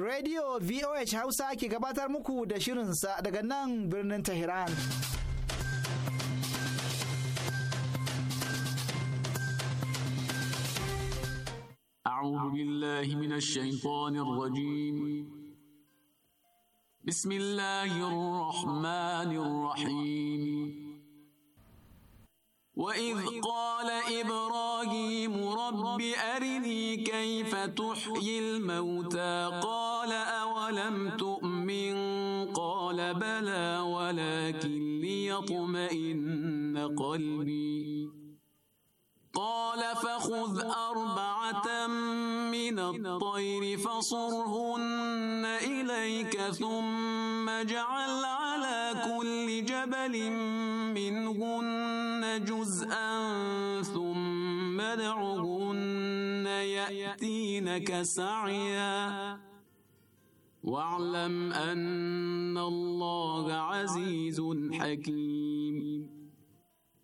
radio voh hausa ke gabatar muku da shirinsa daga nan birnin tehran. أعوذ بالله من الشيطان الرجيم بسم الله الرحمن الرحيم وإذ قال إبراهيم يطمئن قلبي قال فخذ أربعة من الطير فصرهن إليك ثم اجعل على كل جبل منهن جزءا ثم دعهن يأتينك سعياً واعلم أن الله عزيز حكيم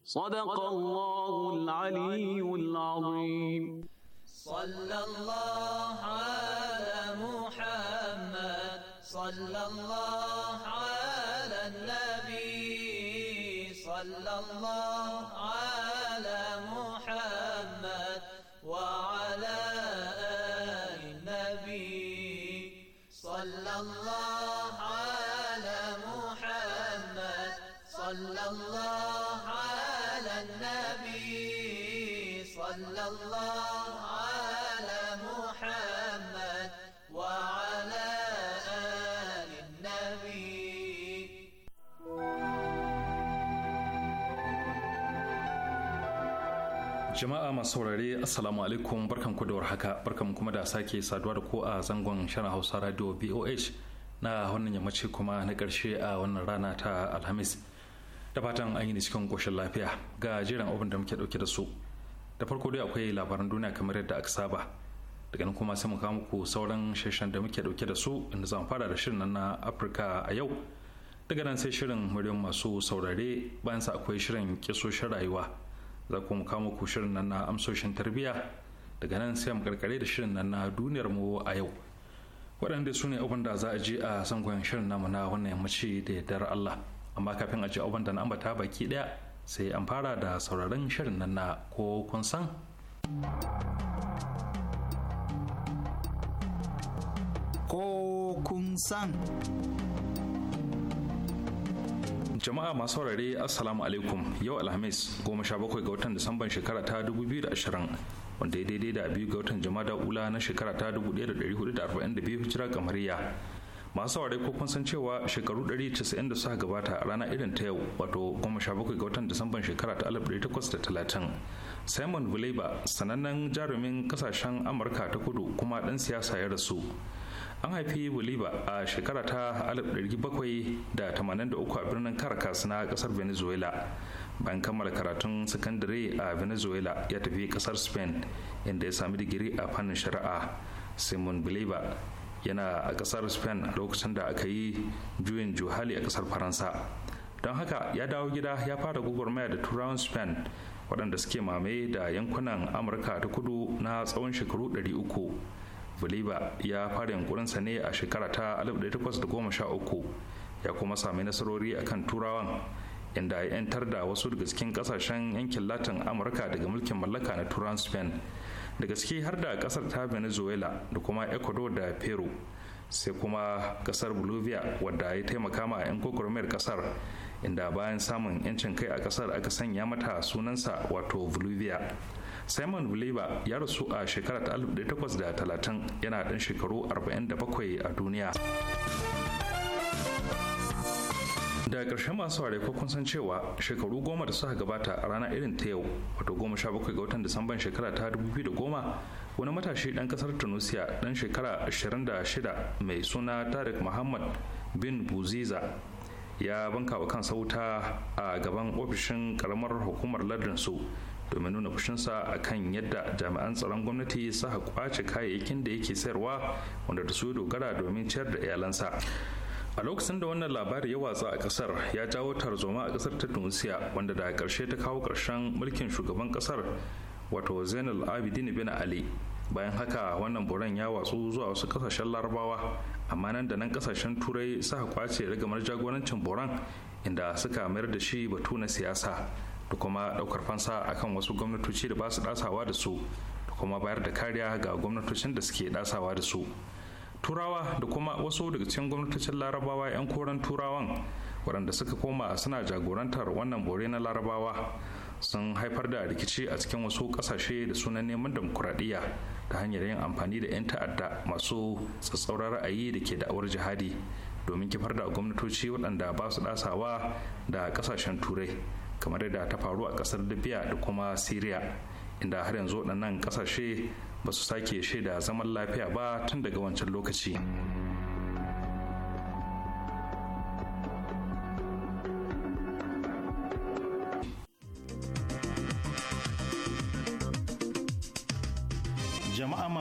صدق الله العلي العظيم صلى الله على محمد صلى الله على النبي صلى الله jama'a masu saurare assalamu alaikum barkan ku da warhaka barkan kuma da sake saduwa da ku a zangon shirin hausa radio boh na wannan yammaci kuma na karshe a wannan rana ta alhamis da fatan an yi da cikin koshin lafiya ga jiran abin da muke dauke da su da farko dai akwai labaran duniya kamar yadda aka saba daga nan kuma sai mu kawo muku sauran shirin da muke dauke da su inda zan fara da shirin na afirka a yau daga nan sai shirin muryar masu saurare bayan sa akwai shirin kisoshin rayuwa za ku kama ku shirin nan na amsoshin tarbiyya daga nan sai mu karkare da shirin nan na duniyar mu a yau waɗanda su ne abin da za a je a sangon shirin namu na wannan yammaci da yardar Allah amma kafin a ji abin da na ambata baki ɗaya sai an fara da sauraron shirin nan na ko kun san ko kun san jama'a masu saurare assalamu alaikum yau alhamis goma sha bakwai ga watan disamban shekara ta 2020 wanda ya daidai da biyu ga watan jama'a ula na shekara ta 1442 hijira kamariya masu saurare ko kun san cewa shekaru 190 da suka gabata a rana irin ta yau wato goma sha bakwai ga watan disamban shekara ta 1830 simon Bolivar sanannen jarumin kasashen amurka ta kudu kuma dan siyasa ya rasu an haifi bolivar a shekara ta 1783 a birnin caracas na kasar venezuela bayan kammala karatun sakandare a venezuela ya tafi kasar spain inda ya sami digiri a fannin shari'a simon bolivar yana a kasar spain a lokacin da aka yi juyin juhali a kasar faransa don haka ya dawo gida ya fara gwagwarmaya da turawan spain waɗanda suke mamaye da yankunan amurka ta kudu na tsawon shekaru 300 bolivar ya fara yunkurinsa ne a shekara ta 1813 ya kuma sami nasarori a kan turawan inda ya 'yantar da wasu daga cikin kasashen yankin latin amurka daga mulkin mallaka na turan spain da gaske har da kasar ta venezuela da kuma ecuador da peru sai kuma kasar bolivia wadda ya taimaka ma 'yan gwagwarmayar kasar inda bayan samun 'yancin kai a kasar aka sanya mata sunansa wato bolivia simon bolivar ya rasu a shekarar 1830 yana ɗan shekaru 47 a duniya da ƙarshen masu ware ko kun san cewa shekaru goma da suka gabata a rana irin ta yau wato goma sha bakwai ga watan disamban shekara ta dubu biyu da goma wani matashi ɗan ƙasar tunisia ɗan shekara ashirin da shida mai suna tarik muhammad bin buziza ya banka wa kansa wuta a gaban ofishin karamar hukumar lardinsu domin nuna fushinsa a kan yadda jami'an tsaron gwamnati suka kwace kayayyakin da yake sayarwa wanda da su dogara domin ciyar da iyalansa a lokacin da wannan labari ya watsa a kasar ya jawo tarzoma a kasar ta tunisia wanda da karshe ta kawo karshen mulkin shugaban kasar wato zainal abidin bin ali bayan haka wannan buran ya watsu zuwa wasu kasashen larabawa amma nan da nan kasashen turai suka kwace rigamar jagorancin buran inda suka mayar da shi batu na siyasa da kuma daukar fansa akan wasu gwamnatoci da ba su dasawa da su da kuma bayar da kariya ga gwamnatocin da suke dasawa da su turawa da kuma wasu daga cikin gwamnatocin larabawa 'yan koren turawan waɗanda suka koma suna jagorantar wannan bore na larabawa sun haifar da rikici a cikin wasu ƙasashe da sunan neman demokuraɗiyya ta hanyar yin amfani da 'yan ta'adda masu tsatsauran ra'ayi da ke da'awar jihadi domin kifar da gwamnatoci waɗanda ba su ɗasawa da ƙasashen turai kamar yadda ta faru a kasar libya da kuma syria inda har yanzu waɗannan ƙasashe ba su sake shaida zaman lafiya ba tun daga wancan lokaci.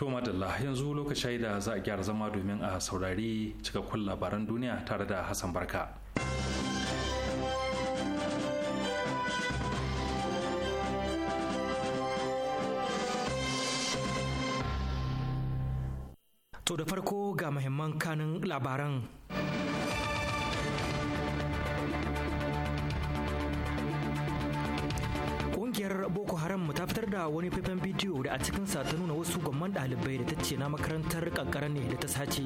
To madalla yanzu lokaci da za a gyara zama domin a saurari cikakkun labaran duniya tare da Hassan Barka. To da farko ga muhimman kanin labaran. boko haram ta fitar da wani faifan bidiyo da a cikin sa ta nuna wasu gwamman ɗalibai da ta ce na makarantar kankara ne da ta sace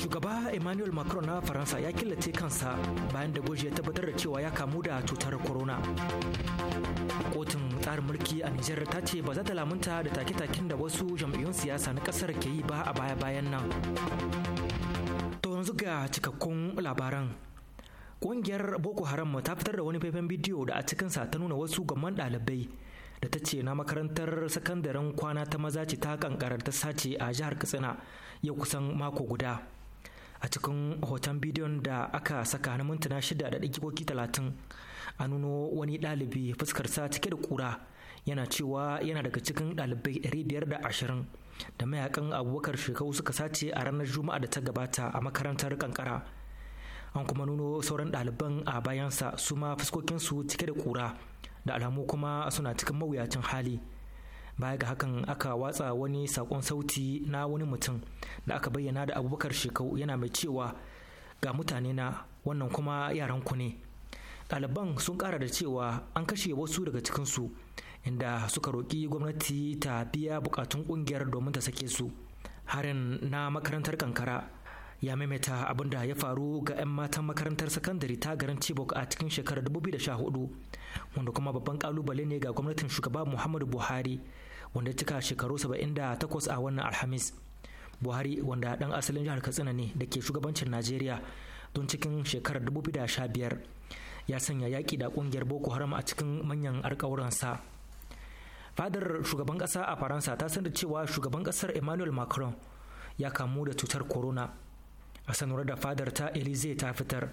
shugaba emmanuel macron na faransa ya killace kansa bayan da gwaji ya tabbatar da cewa ya kamu da cutar corona kotun tsarin mulki a nijar ta ce ba za ta lamunta da take-taken da wasu jam'iyyun siyasa na kasar ke yi ba a baya-bayan nan to yanzu ga cikakkun labaran Ƙungiyar Boko Haram ta fitar da wani faifan bidiyo da a cikinsa ta nuna wasu gaman dalibai da ta ce na makarantar sakandaren kwana ta maza ce ta kankarar ta sace a jihar Katsina yau kusan mako guda. A cikin hoton bidiyon da aka saka na mintuna shida da dakikoki talatin a nuno wani ɗalibi fuskarsa cike da kura yana cewa yana daga cikin dalibai ɗari biyar da ashirin da mayakan abubakar shekau suka sace a ranar juma'a da ta gabata a makarantar kankara. an kuma nuno sauran ɗaliban a bayansa su ma fuskokinsu cike da ƙura da alamu kuma suna cikin mawuyacin hali baya ga hakan aka watsa wani sakon sauti na wani mutum da aka bayyana da abubakar shekau yana mai cewa ga mutane na wannan kuma yaran ku ne ɗaliban sun ƙara da cewa an kashe wasu daga cikinsu inda suka roƙi gwamnati ta biya buƙatun ƙungiyar domin ta sake su harin na makarantar kankara ya maimaita abin da ya faru ga 'yan matan makarantar sakandare ta garin Chibok a cikin shekarar 2014 wanda kuma babban kalubale ne ga gwamnatin shugaba Muhammadu Buhari wanda cika shekaru 78 a wannan Alhamis. Buhari wanda dan asalin jihar Katsina ne da ke shugabancin Najeriya don cikin shekarar 2015 ya sanya yaƙi da ƙungiyar Boko Haram a cikin manyan alƙawuransa. Fadar shugaban ƙasa a Faransa ta sanar cewa shugaban ƙasar Emmanuel Macron ya kamu da cutar corona a da fadar ta elize ta fitar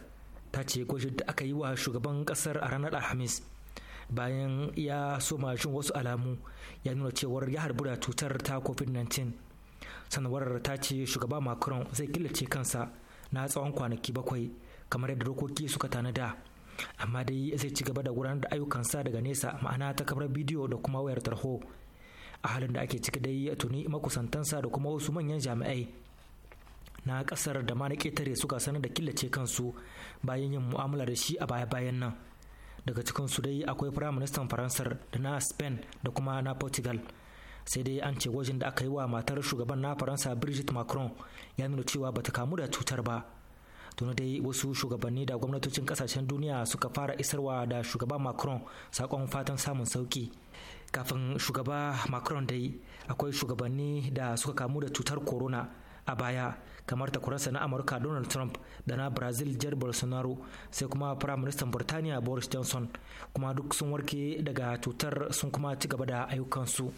ta ce gwajin da aka yi wa shugaban kasar a ranar alhamis bayan ya so mashin wasu alamu ya nuna cewar ya harbu da cutar ta covid-19 sanarwar ta ce shugaba macron zai killace kansa na tsawon kwanaki bakwai kamar yadda dokoki suka tanada amma dai zai ci gaba da gudanar da ayyukansa daga nesa ma'ana ta kamar bidiyo da kuma wayar tarho a halin da ake ciki dai tuni makusantansa da kuma wasu manyan jami'ai na kasar da ma na suka sanar da killace kansu bayan yin mu'amala da shi a baya-bayan nan daga cikin su dai akwai firaministan faransar da na spain da kuma na portugal sai dai an ce gwajin da aka yi wa matar shugaban na faransa brigitte macron ya nuna cewa bata kamu da cutar ba tuni dai wasu shugabanni da gwamnatocin kasashen duniya suka fara isarwa da shugaba macron sakon fatan samun sauki kafin shugaba macron dai akwai shugabanni da suka kamu da cutar corona a baya kamar takwararsa na amurka donald trump da na brazil jair bolsonaro sai kuma firaministan burtaniya boris johnson kuma duk sun warke daga cutar sun kuma ci gaba da ayyukansu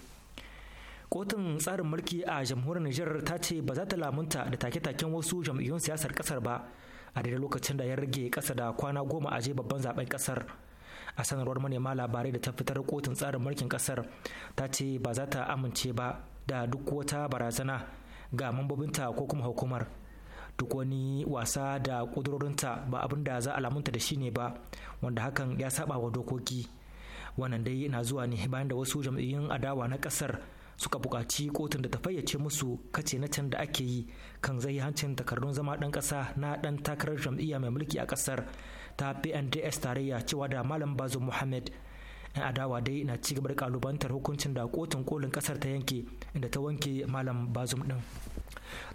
kotun tsarin mulki a jamhuriyar niger ta ce ba za ta lamunta da take-taken wasu jam'iyyun siyasar kasar ba a daidai lokacin da ya rage kasa da kwana goma a je babban zaben kasar a sanarwar manema labarai da ta fitar kotun tsarin mulkin kasar ta ce ba za ta amince ba da duk wata barazana ga mambobinta ko kuma hukumar duk wani wasa da kudurorinta ba abin da za a lamunta da shi ne ba wanda hakan ya saba wa dokoki wannan dai na zuwa ne bayan da wasu jam'iyyun adawa na kasar suka buƙaci kotun da ta fayyace musu kace na can da ake yi kan zai hancin takardun zama ɗan ƙasa na ɗan takarar jam'iyya mai mulki a ƙasar ta pnds tarayya cewa da malam bazu muhammad yan adawa dai na cigaba da kalubantar hukuncin da kotun kolin kasar ta yanke inda ta wanke malam bazum din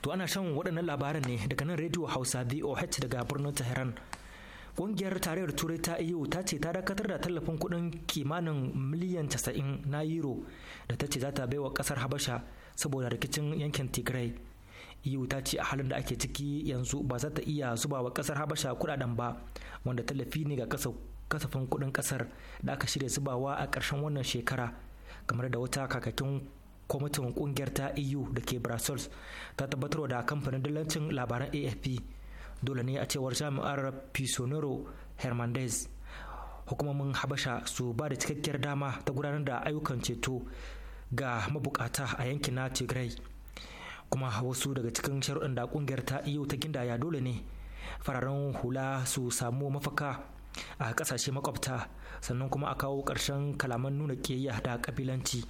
to ana shan waɗannan labaran ne daga nan rediyo hausa voh daga birnin tehran Ƙungiyar tarayyar Turai ta iyo ta ce ta dakatar da tallafin kuɗin kimanin miliyan 90 na euro da ta ce za ta baiwa ƙasar Habasha saboda rikicin yankin Tigray. iyo e ta ce a halin da ake ciki yanzu ba za ta iya zuba wa ƙasar Habasha kuɗaɗen ba wanda tallafi ne ga ƙasar kasafin kudin kasar da aka shirya zubawa a karshen wannan shekara kamar da wata kakakin kwamitin kungiyar ta eu da ke brussels ta tabbatar da kamfanin dillancin labaran afp dole ne a cewar jami'ar pisonero hermandez hukumomin habasha su ba da cikakkiyar dama ta gudanar da ayyukan ceto ga mabukata a yankin na tigray kuma wasu daga cikin sharuɗin da kungiyar ta iyo e ta gindaya dole ne fararen hula su samu mafaka a kasashe makwabta sannan kuma a kawo ƙarshen kalaman nuna ƙiyayya da kabilanci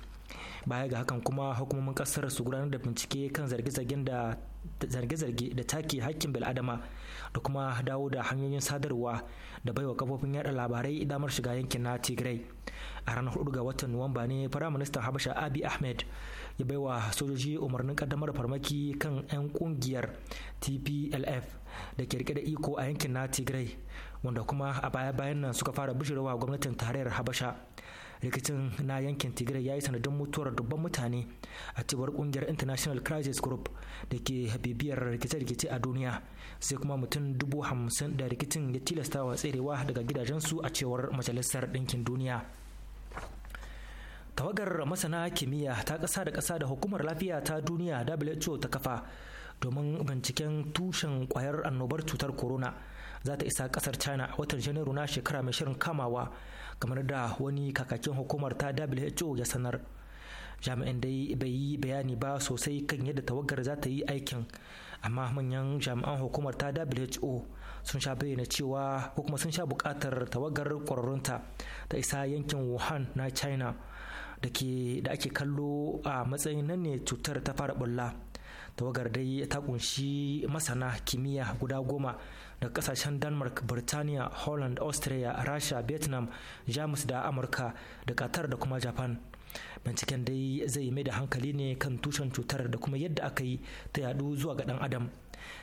baya ga hakan kuma hukumomin ƙasar su gudanar da bincike kan zarge-zargen da zarge-zarge da take hakkin bil'adama da kuma dawo da hanyoyin sadarwa da baiwa kafofin yada labarai damar shiga yankin na tigray a ranar hudu ga watan nuwamba ne firaministan habasha abi ahmed ya baiwa sojoji umarnin kaddamar farmaki kan 'yan kungiyar tplf da ke rike da iko a yankin na tigray wanda kuma a baya-bayan nan suka fara bishirwa gwamnatin tarayyar habasha rikicin na yankin tigray ya yi sanadin mutuwar dubban mutane a cewar kungiyar international crisis group da ke bibiyar rikice-rikice a duniya sai kuma mutum dubu hamsin da rikicin ya tilasta wa tserewa daga gidajensu a cewar majalisar ɗinkin duniya tawagar masana kimiyya ta kasa da kasa da hukumar lafiya ta duniya who ta kafa domin binciken tushen kwayar annobar cutar corona za ta isa kasar china a watan janairu na shekara mai shirin kamawa kamar da wani kakakin hukumar ta who ya sanar jami'an dai bai yi bayani ba sosai kan yadda tawagar za ta yi aikin amma manyan jami'an hukumar ta who sun sha bayyana cewa ko kuma sun sha bukatar tawagar kwararrunta ta isa yankin wuhan na china da ake kallo a matsayin nan ne cutar ta fara bulla tawagar dai ta kunshi masana kimiyya guda goma daga kasashen denmark birtaniya holland austria russia vietnam jamus da amurka da qatar da kuma japan binciken dai zai mai da hankali ne kan tushen cutar da kuma yadda aka yi ta yadu zuwa ga dan adam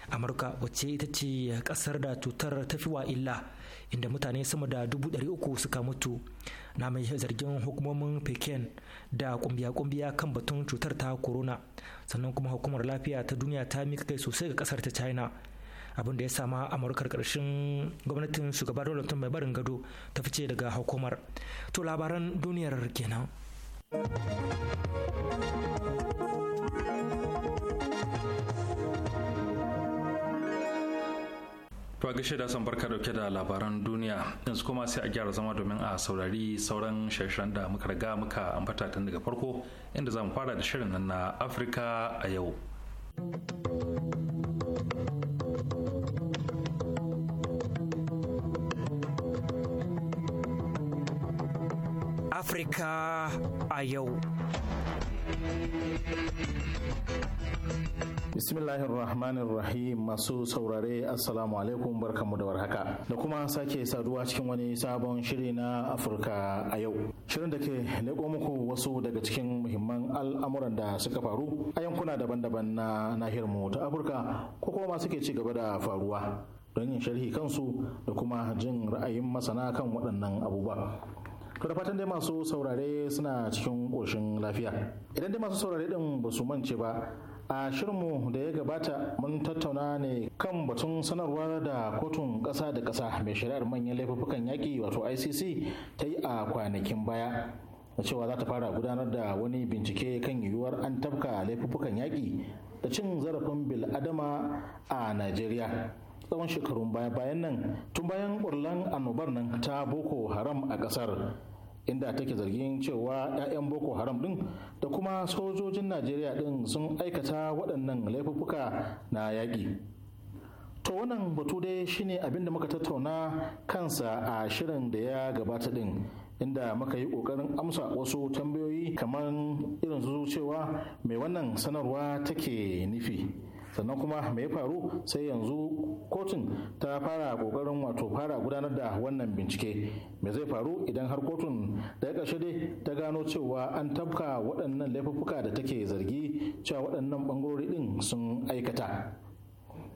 amurka wacce ita ce kasar da cutar ta fi wa illa inda mutane sama da dubu ɗari uku suka mutu na mai zargin hukumomin pekin da kumbiya-kumbiya kan batun cutar ta corona sannan kuma hukumar lafiya ta duniya ta mika kai sosai ga kasar ta china abin da ya sama amurkar karshen gwamnatin shugaban donald mai barin gado ta fice daga hukumar to labaran duniyar kenan To gaishe da son barka dauke da labaran duniya yanzu kuma sai a gyara zama domin a saurari sauran shirin da muka riga muka ambata tun daga farko inda zamu fara da shirin nan na Afirka a yau. Afirka a yau. Bismillahirrahmanirrahim masu saurare assalamu alaikum barkamu da warhaka da kuma sake saduwa cikin wani sabon shiri na Afirka a yau. Shirin da ke leƙo muku wasu daga cikin muhimman al'amuran da suka faru a yankuna daban-daban na nahiyar mu ta Afirka ko kuma suke ci gaba da faruwa. don yin sharhi kansu da kuma jin ra'ayin masana kan waɗannan abubuwa To da fatan dai masu saurare suna cikin ƙoshin lafiya. Idan dai masu saurare din ba su mance ba, a shirinmu da ya gabata mun tattauna ne kan batun sanarwar da kotun ƙasa da ƙasa mai shari'ar manyan laifukan yaƙi wato icc ta yi a kwanakin baya da cewa za ta fara gudanar da wani bincike kan yiwuwar an tafka laifukan yaƙi da cin zarafin bil'adama a najeriya tsawon shekarun baya bayan nan tun bayan ƙurlan annobar nan ta boko haram a ƙasar inda take zargin cewa 'ya'yan boko haram din da kuma sojojin najeriya din sun aikata waɗannan laifuffuka na yaƙi to wannan batu dai shine abin da muka tattauna kansa a shirin da ya gabata din inda muka yi ƙoƙarin amsa wasu tambayoyi kamar irin su cewa mai wannan sanarwa take nufi sannan kuma mai faru sai yanzu kotun ta fara kokarin wato fara gudanar da wannan bincike me zai faru idan har kotun da ƙarshe dai ta gano cewa an tabka waɗannan laifuffuka da take zargi cewa waɗannan bangarori ɗin sun aikata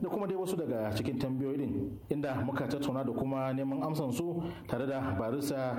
da kuma dai wasu daga cikin tambayoyi din inda muka tattauna da kuma neman amsan su tare da barisa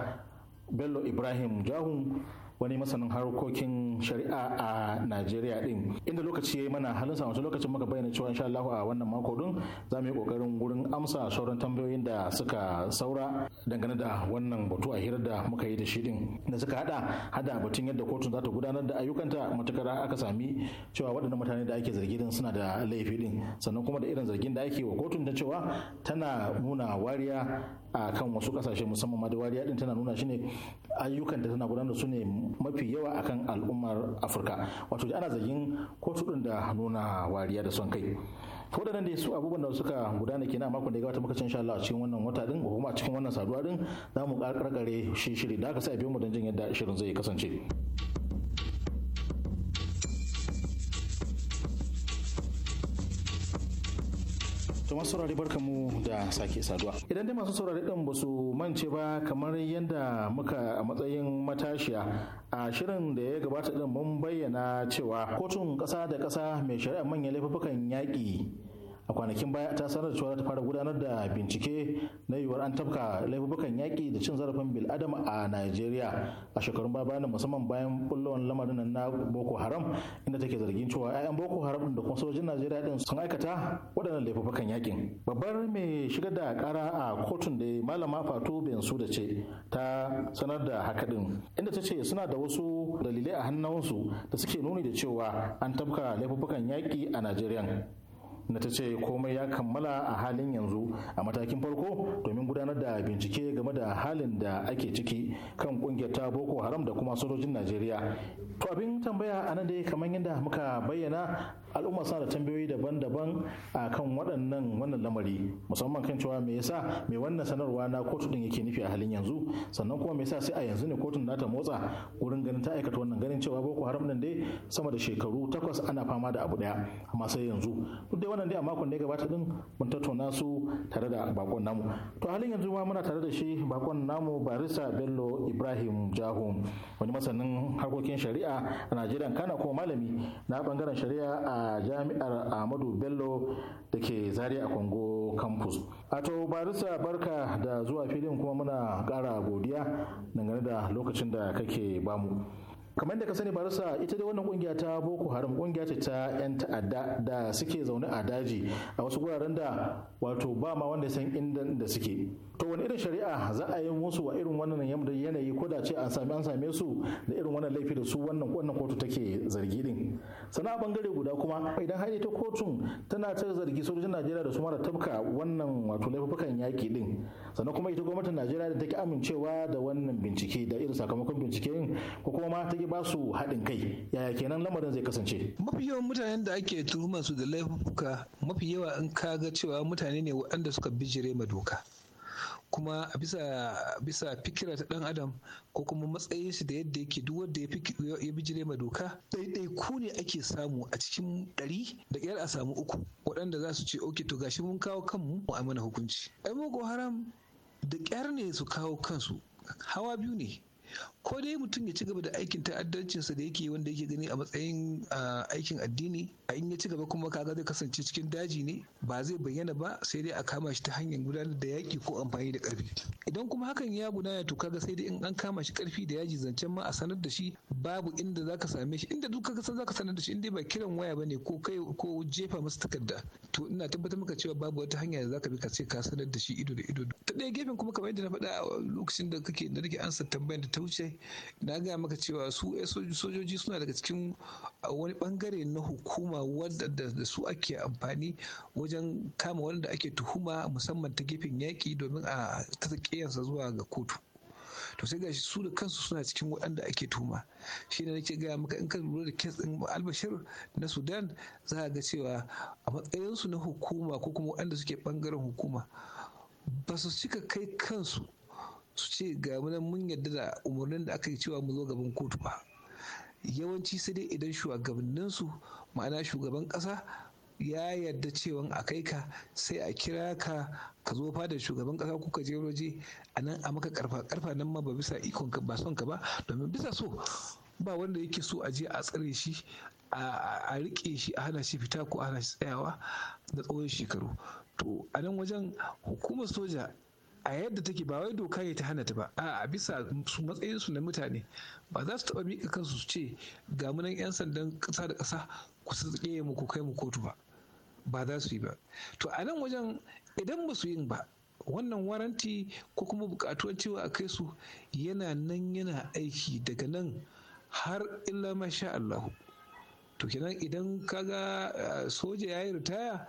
bello ibrahim jahun wani masanin harkokin shari'a a Najeriya din inda lokaci ya yi mana halin sa lokacin muka bayyana cewa insha Allah a wannan mako din za mu yi kokarin gurin amsa sauran tambayoyin da suka saura dangane da wannan batu a hirar da muka yi da shi din da suka hada hada batun yadda kotun za ta gudanar da ayyukanta matukar aka sami cewa waɗannan mutane da ake zargi din suna da laifi din sannan kuma da irin zargin da ake wa kotun ta cewa tana nuna wariya a kan wasu kasashe musamman ma da wariya din tana nuna shine ayyukan da tana gudanar su ne mafi yawa akan al'ummar afirka wato ana zargin kotu din da nuna wariya da son kai da nan dai su abubuwan da suka gudana kenan makon da ya gabata muka ci insha Allah a cikin wannan wata din kuma a cikin wannan saduwa din za mu karkare shi shiri da aka sai a biyo mu don jin yadda shirin zai kasance. To masu saurare barka mu da sake saduwa. Idan dai masu saurari din ba su mance ba kamar yadda muka a matsayin matashiya a shirin da ya gabata ɗin mun bayyana cewa kotun ƙasa da ƙasa mai shari'a manyan laifukan yaƙi a kwanakin baya ta sanar da cewa ta fara gudanar da bincike na yiwuwar an tabka laifukan yaƙi da cin zarafin bil'adama a najeriya a shekarun baya musamman bayan bullowar lamarin na boko haram inda take zargin cewa 'ya'yan boko haram da kuma sojojin najeriya din sun aikata waɗannan laifukan yaƙin babbar mai shigar da ƙara a kotun da malama fatu bensu da ce ta sanar da haka din inda ta ce suna da wasu dalilai a hannunsu da suke nuni da cewa an tabka laifukan yaƙi a najeriya na ta ce komai ya kammala a halin yanzu a matakin farko domin gudanar da bincike game da halin da ake ciki kan kungiyar ta boko haram da kuma sojojin najeriya to abin tambaya a nan dai kamar yadda muka bayyana al'umma suna da tambayoyi daban-daban a kan waɗannan wannan lamari musamman kan cewa me yasa me wannan sanarwa na kotu din yake nufi a halin yanzu sannan kuma me yasa sai a yanzu ne kotun nata motsa wurin ganin ta aikata wannan ganin cewa boko haram din dai sama da shekaru takwas ana fama da abu daya amma sai yanzu duk dai wannan dai a makon da ya gabata din mun tattauna su tare da bakon namu to halin yanzu ma muna tare da shi bakon namu barisa bello ibrahim jahu wani masanin harkokin shari'a a najeriya kana ko malami na bangaren shari'a a a jami'ar Ahmadu Bello da ke Zaria a congo campus. Ato Barisa barka da zuwa filin kuma muna ƙara godiya dangane da lokacin da kake bamu. kamar da ka sani barisa ita da wannan kungiya ta boko haram kungiya ce ta yan ta'adda da suke zaune a daji a wasu guraren da wato ba ma wanda san inda da suke to wani irin shari'a za a yi musu wa irin wannan yanayi ko da ce an same su da irin wannan laifi da su wannan wannan kotu take zargi din sana bangare guda kuma idan har ita kotun tana ta zargi sojojin Najeriya da su mara tabka wannan wato laifukan yaki din sannan kuma ita gwamnatin Najeriya da take amincewa da wannan bincike da irin sakamakon binciken ko kuma ta zai ba su haɗin kai yaya kenan lamarin zai kasance mafi yawan mutanen da ake tuhuma su da laifuka mafi yawa in ka ga cewa mutane ne waɗanda suka bijire ma doka kuma a bisa bisa fikira ta ɗan adam ko kuma matsayin shi da yadda yake duk wanda ya ya bijire ma doka daidai ku ne ake samu a cikin ɗari da ƙyar a samu uku waɗanda za su ce oke to gashi mun kawo kanmu mu mana hukunci ai mugu haram da ƙyar ne su kawo kansu hawa biyu ne ko dai mutum ya ci gaba da aikin ta'addancinsa da yake wanda yake gani a matsayin aikin addini a in ya ci gaba kuma kaga zai kasance cikin daji ne ba zai bayyana ba sai dai a kama shi ta hanyar gudanar da yaki ko amfani da ƙarfi. idan kuma hakan ya gudana to kaga sai dai in an kama shi ƙarfi da yaji zancen ma a sanar da shi babu inda za ka same shi inda duk za ka sanar da shi inda ba kiran waya ne ko kai ko jefa masa takarda to ina tabbatar maka cewa babu wata hanya da za ka bi ka ce ka sanar da shi ido da ido ta ɗaya gefen kuma kamar yadda na faɗa a lokacin da kake da nake ansa tambayar da ta wuce na gaya maka cewa su eh, sojoji suna daga cikin wani bangare na hukuma wadda da su ake amfani wajen kama wanda ake tuhuma musamman ta gefen yaƙi domin a ta zuwa ga kotu to sai gashi su da kansu suna cikin waɗanda ake tuhuma. shi ne nake gaya maka in ka lura da kes ɗin albashir na sudan za a ga cewa a matsayinsu na hukuma ko kuma waɗanda suke ɓangaren hukuma ba su cika kai kansu su ce ga nan mun yarda da umarnin da aka yi cewa mu zo gaban kotu ba yawanci sai dai idan shugabanninsu ma'ana shugaban ƙasa ya yarda cewa a kai ka sai a kira ka ka zo fadar shugaban kasa kuka je waje a nan a maka karfa karfa nan ma ba bisa ikon ka ba son ka ba domin bisa so ba wanda yake so a je a tsare shi a rike shi a hana shi fita ko a hana shi tsayawa da tsawon shekaru to a nan wajen hukumar soja a yadda take ba wai doka ne ta hana ta ba a bisa su matsayin su na mutane ba za su taba mika kansu su ce ga munan yan sandan kasa da kasa ku su tsaye mu ku kai mu kotu ba ba za su yi ba to a nan wajen idan ba su yin ba wannan waranti ko kuma bukatuwar cewa a kai su yana nan yana aiki daga nan har illa masha Allahu to kenan idan ka ga eh, soja ya yi ritaya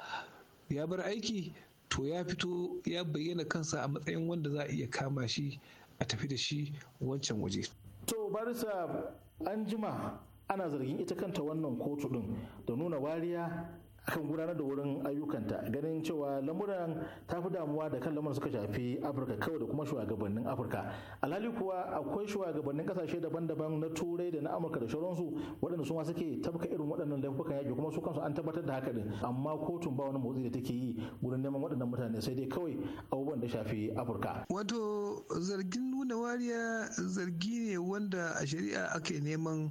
ya bar aiki to ya fito ya bayyana kansa a matsayin wanda za a iya kama shi a tafi da shi wancan waje to barisa an jima ana zargin ita kanta wannan kotu din da nuna wariya akan gudanar da wurin ayyukanta ganin cewa lamuran ta fi damuwa da kan lamuran suka shafi afirka kawai da kuma shugabannin afirka alhali kuwa akwai shugabannin kasashe daban-daban na turai da na amurka da sauransu waɗanda su suke tabka irin waɗannan laifukan yaƙi kuma su kansu an tabbatar da haka din amma kotun ba wani motsi da take yi wurin neman waɗannan mutane sai dai kawai abubuwan da shafi afirka. wato zargin nuna wariya zargi ne wanda a shari'a ake neman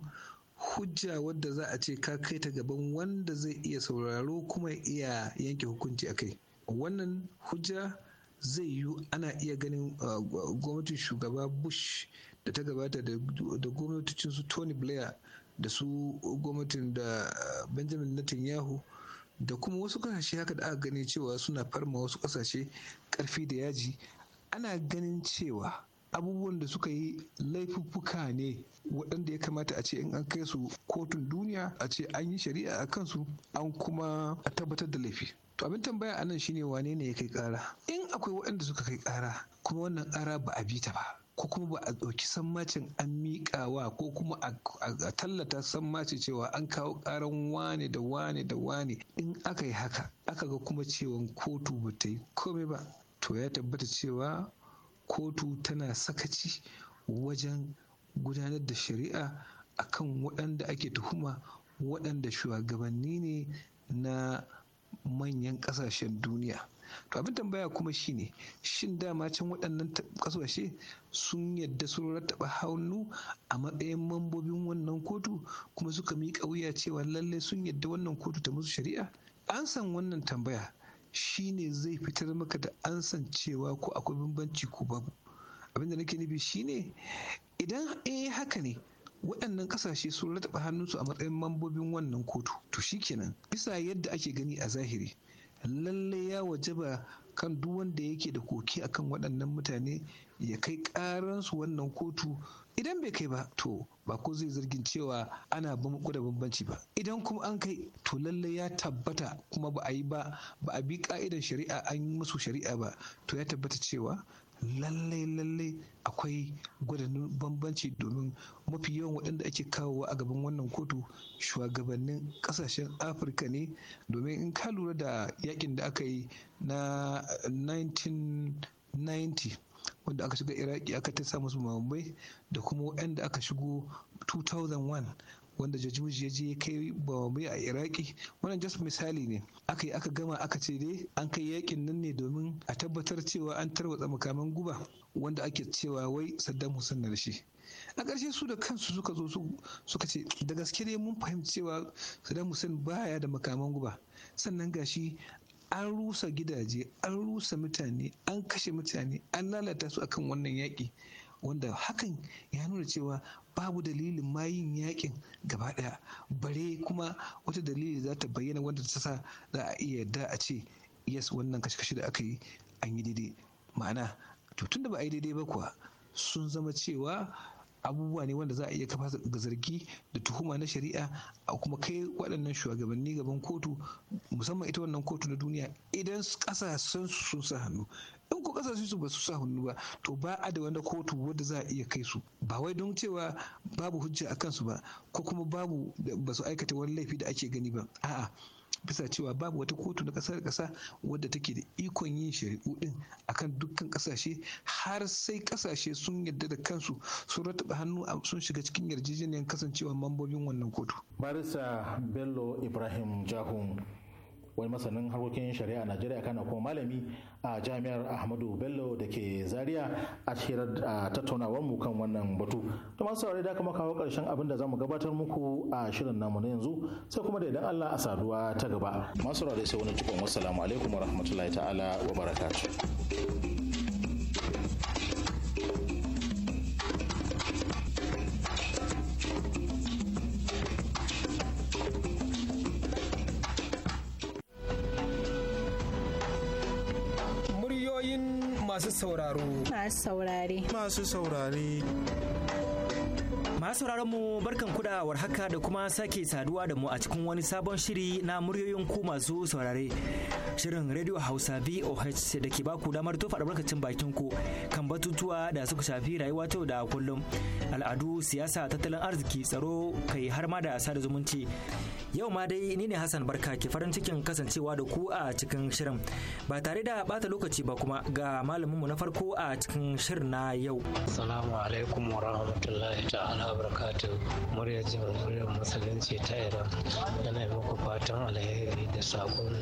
hujja wadda za a ce ka kai ta gaban wanda zai iya sauraro kuma iya yanke hukunci a kai wannan hujja zai yiwu ana iya ganin uh, gwamnatin shugaba bush da ta gabata da gwamnatocin su tony blair da su gwamnatin da uh, benjamin netanyahu da kuma wasu kasashe haka da aka gani cewa suna farma wasu kasashe karfi da yaji ana ganin cewa abubuwan da suka yi laifuffuka ne waɗanda ya kamata a ce in an kai su kotun duniya a ce an yi shari'a a kansu an kuma tabbatar da laifi to abin tambaya a anan shine wane ne ya kai ƙara in akwai waɗanda suka kai ƙara kuma wannan ƙara ba a bi ta ba ko kuma ba a ɗauki sammacin an miƙawa ko kuma a tallata sammaci cewa an kawo ƙaran wane da wane da wane in aka yi haka aka ga kuma cewa kotu ba ta yi komai ba to ya tabbata cewa kotu tana sakaci wajen gudanar da shari'a akan waɗanda ake tuhuma waɗanda shugabanni ne na manyan ƙasashen duniya to abin tambaya kuma shine shin dama can waɗannan ƙasashe sun yadda sun rattaba hannu a matsayin mambobin wannan kotu kuma suka miƙa wuya cewa lallai sun yadda wannan kotu ta musu shari'a an san wannan tambaya shine zai fitar maka da ansan cewa ko akwai bambanci ko babu abin nake nufi shine idan eh haka ne waɗannan ƙasashe sun rataba hannunsu a matsayin mambobin wannan kotu to shi shikenan bisa yadda ake gani a zahiri lallai ya wajaba kan duk wanda yake da koke akan waɗannan mutane ya kai karansu wannan kotu idan bai kai ba to ba ko zai zargin cewa ana da bambanci ba idan kuma an kai to lalle ya tabbata kuma ba a yi ba ba a bi ka'idar shari'a an yi musu shari'a ba to ya tabbata cewa lallai lallai akwai gwadanin bambanci domin mafi yawan waɗanda ake kawowa a gaban wannan kotu shugabannin ƙasashen afirka ne domin in ka lura da yakin da aka yi na 1990 wanda aka shiga iraki aka ta musu mamambai da kuma waɗanda aka shigo 2001 wanda jajuji ya je kai bamambai a iraki wannan just misali ne aka yi aka gama aka ce dai an kai yakin nan ne domin a tabbatar cewa an tarwatsa makaman guba wanda ake cewa wai saddam hussein na da shi a ƙarshe su da kansu suka zo suka ce da gaske dai mun fahimci cewa saddam hussein baya da makaman guba sannan gashi an rusa gidaje an rusa mutane an kashe mutane an lalata su akan wannan yaƙi wanda hakan ya nuna cewa babu dalilin ma yin yakin gaba daya bare kuma wata dalili za ta bayyana wanda ta sa za a iya yarda a ce yes wannan kashe-kashe da aka yi an yi daidai ma'ana to tun da ba a yi daidai ba kuwa sun zama cewa abubuwa ne wanda za a iya kafa ga zargi da tuhuma na shari'a a kuma kai waɗannan shugabanni gaban kotu musamman ita wannan kotu na duniya idan ƙasashen sun sa hannu in ko ƙasashen su ba su sa hannu ba to ba a da wani kotu wadda za a iya kai su ba wai don cewa babu hujja a kansu ba ko kuma babu ba su aikata wani laifi da ake gani ba a'a bisa cewa babu wata kotu na ƙasar kasa wadda take da ikon yin shari'u din akan dukkan ƙasashe har sai ƙasashe sun yarda da kansu sun rataba hannu sun shiga cikin yarjejeniyar kasancewa mambobin wannan kotu. Barisa Bello Ibrahim Jahun wani masanin harkokin shari'a a najeriya kana kuma malami a jami'ar ahmadu bello da ke zaria a shirar tattaunawar mu kan wannan batu da masu saurari da kuma kawo karshen abin da zamu gabatar muku a shirin namu na yanzu sai kuma da idan allah a saduwa ta gaba masu saurari sai wani cikon wassalamu alaikum rahmatullahi ta'ala wa barakatuh sauraro. Masu saurare. Masu saurare. Masu mu barkan kuda haka da kuma sake saduwa da mu a cikin wani sabon shiri na muryoyin ku masu saurare. Shirin Radio Hausa VOH da ke baku damar tofa albarkacin bakin ku kan batutuwa da suka shafi rayuwa ta da kullum. Al'adu, siyasa, tattalin arziki, tsaro, kai har ma da sada zumunci. Yau ma dai ni ne Hassan Barka ke farin cikin kasancewa da ku a cikin shirin. Ba tare da bata lokaci ba kuma ga malaminmu na farko a cikin shirin na yau. Assalamu alaikum wa rahmatullahi ta'ala murya muryar murya musulunci ta iran yana muku fatan alheri da sakon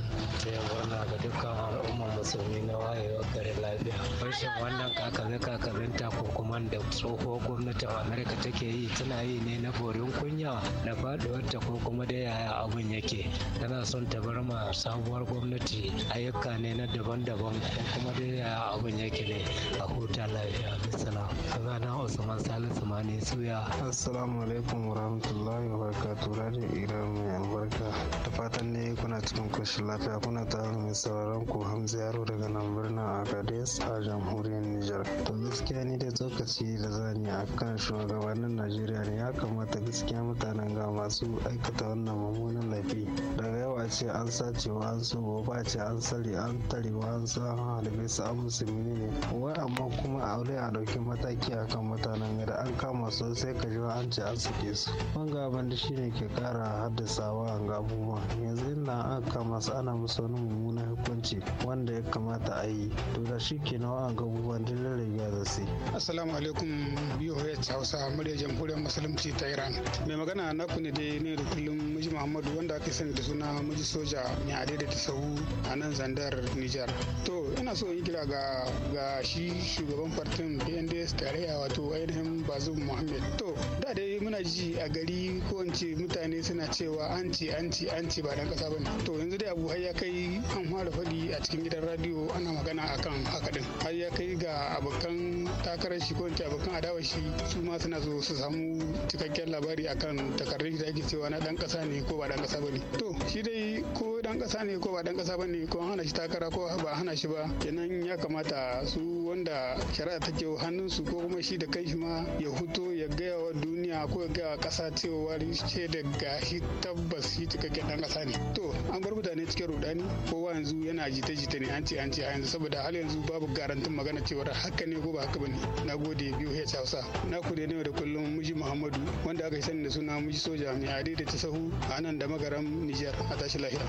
yi murna ga dukkan al'ummar musulmi na wayewar garin lafiya rashin wannan kakabe kakaben kuma da tsohuwar gwamnatin amurka take yi tana yi ne na borin kunya na faduwar ta ko kuma da yaya abun yake tana son ta bar ma sabuwar gwamnati ayyuka ne na daban-daban ko kuma da yaya abun yake ne a huta lafiya bisala sunana usman salisu mani suya assalamu alaikum wa rahmatullahi wa barakatu radio iran mai albarka ta fatan ne kuna cikin koshin lafiya kuna tare mai sauraron ku hamza yaro daga nan birnin agadez a jamhuriyar nijar to gaskiya ni da tsokaci da zani a kan shugabannin najeriya ne ya kamata gaskiya mutanen ga masu aikata wannan mummunan laifi daga yau a ce an sacewa an so ba a ce an sare an tarewa an sa halibai su an musulmi ne wai amma kuma a a dauki mataki akan mutanen gada an kama su sai ka biyu an ce an sake su wanga abin da shine ke kara haddasa wa ga abubuwa yanzu inda aka kama ana musu wani mummunan hukunci wanda ya kamata a yi to da shi ke nawa ga abubuwan da rarraga za su assalamu alaikum biyu hausa murya jamhuriyar musulunci ta iran mai magana na ku ne dai ne da kullum miji muhammadu wanda aka sani da suna miji soja ne a daidaita sahu a nan zandar nijar to ina so in kira ga ga shi shugaban fartin pnds tarayya wato ainihin bazum muhammad to da dai muna ji a gari ko in ce mutane suna cewa an ce an ce an ce ba dan kasa bane to yanzu dai abu har ya kai an fara faɗi a cikin gidan radio ana magana akan haka din har ya kai ga abokan takarar shi ko in ce abokan adawar shi su ma suna zo su samu cikakken labari akan takarrun da ake cewa na dan kasa ne ko ba dan kasa bane to shi dai ko dan kasa ne ko ba dan kasa bane ko an hana shi takara ko ba hana shi ba kenan ya kamata su wanda shari'a take hannun su ko kuma shi da kai shi ma ya fito ya gaya wa wa duniya ko ga kasa cewa ce da gashi tabbas shi cikakken dan kasa ne to an bar mutane cikin rudani kowa yanzu yana jita-jita ne an ce an ce yanzu saboda hal yanzu babu garantin magana cewa haka ne ko ba haka bane na gode biyu ya hausa na ku ne da kullum miji muhammadu wanda aka yi sani da suna miji soja mai adi da ta sahu a nan da magaram niger a tashi lahira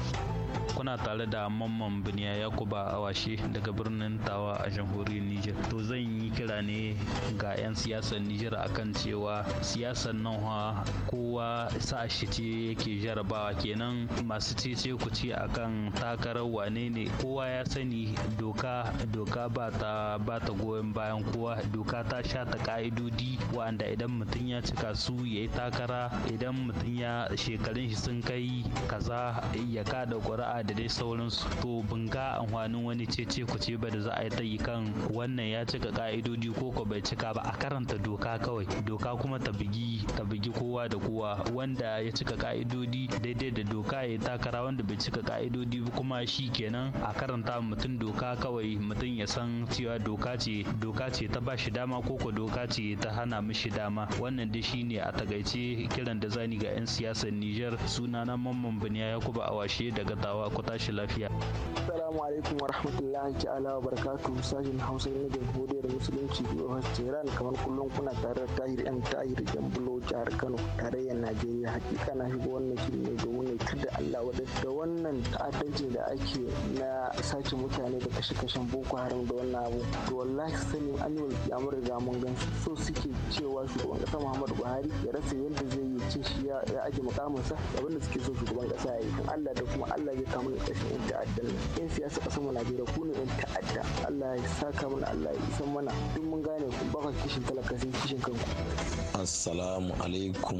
kuna tare da mamman biniya yakuba awashi daga birnin tawa a jamhuriyar niger to zan yi kira ne ga 'yan siyasar niger akan cewa siyasan nan ha kowa sa shi ce yake jarabawa kenan masu cece ku ce akan takarar wane ne kowa ya sani doka doka ba ta ba ta goyon bayan kowa doka ta sha ta ka'idodi wanda idan mutum ya cika su ya yi takara idan mutum ya shekarun shi sun kai kaza ya kada ƙuri'a da dai sauransu to ga amfanin wani cece ku ce ba da za a yi ta yi kan wannan ya cika ka'idodi ko ko bai cika ba a karanta doka kawai doka kuma ta bugi ta bugi kowa da kowa wanda ya cika ka'idodi daidai da doka ya takara wanda bai cika ka'idodi ba kuma shi kenan a karanta mutum doka kawai mutum ya san cewa doka ce doka ce ta ba shi dama ko ko doka ce ta hana mishi dama wannan da ne a takaice kiran da zani ga 'yan siyasar nijar suna na Mamman Buniya a washe daga Tawa ku tashi lafiya. Assalamu alaikum wa rahmatullahi ta'ala wa barakatuhu sashen Hausa na da Musulunci Yohan Tehran kamar kullum kuna tare da Tahir M. jan bulo jihar Kano tarayyar Najeriya hakika na shiga wannan shiri ne domin ne kada Allah wadda wannan ta'addanci da ake na sace mutane da kashe-kashen Boko Haram da wannan abu to wallahi sanin annual kiyamar riga mun gan so suke cewa shugaban kasa Muhammadu Buhari ya rasa yadda zai yi ce shi ya mukamansa mukaminsa abinda suke so shugaban kasa ya yi kan Allah da kuma Allah zai kama kashin yan ta'addan yan siyasa kasar mu Najeriya ku ne yan ta'adda Allah ya saka mana Allah ya isan mana duk mun gane ku ba kishin talakasin kishin kanku assalamu alaikum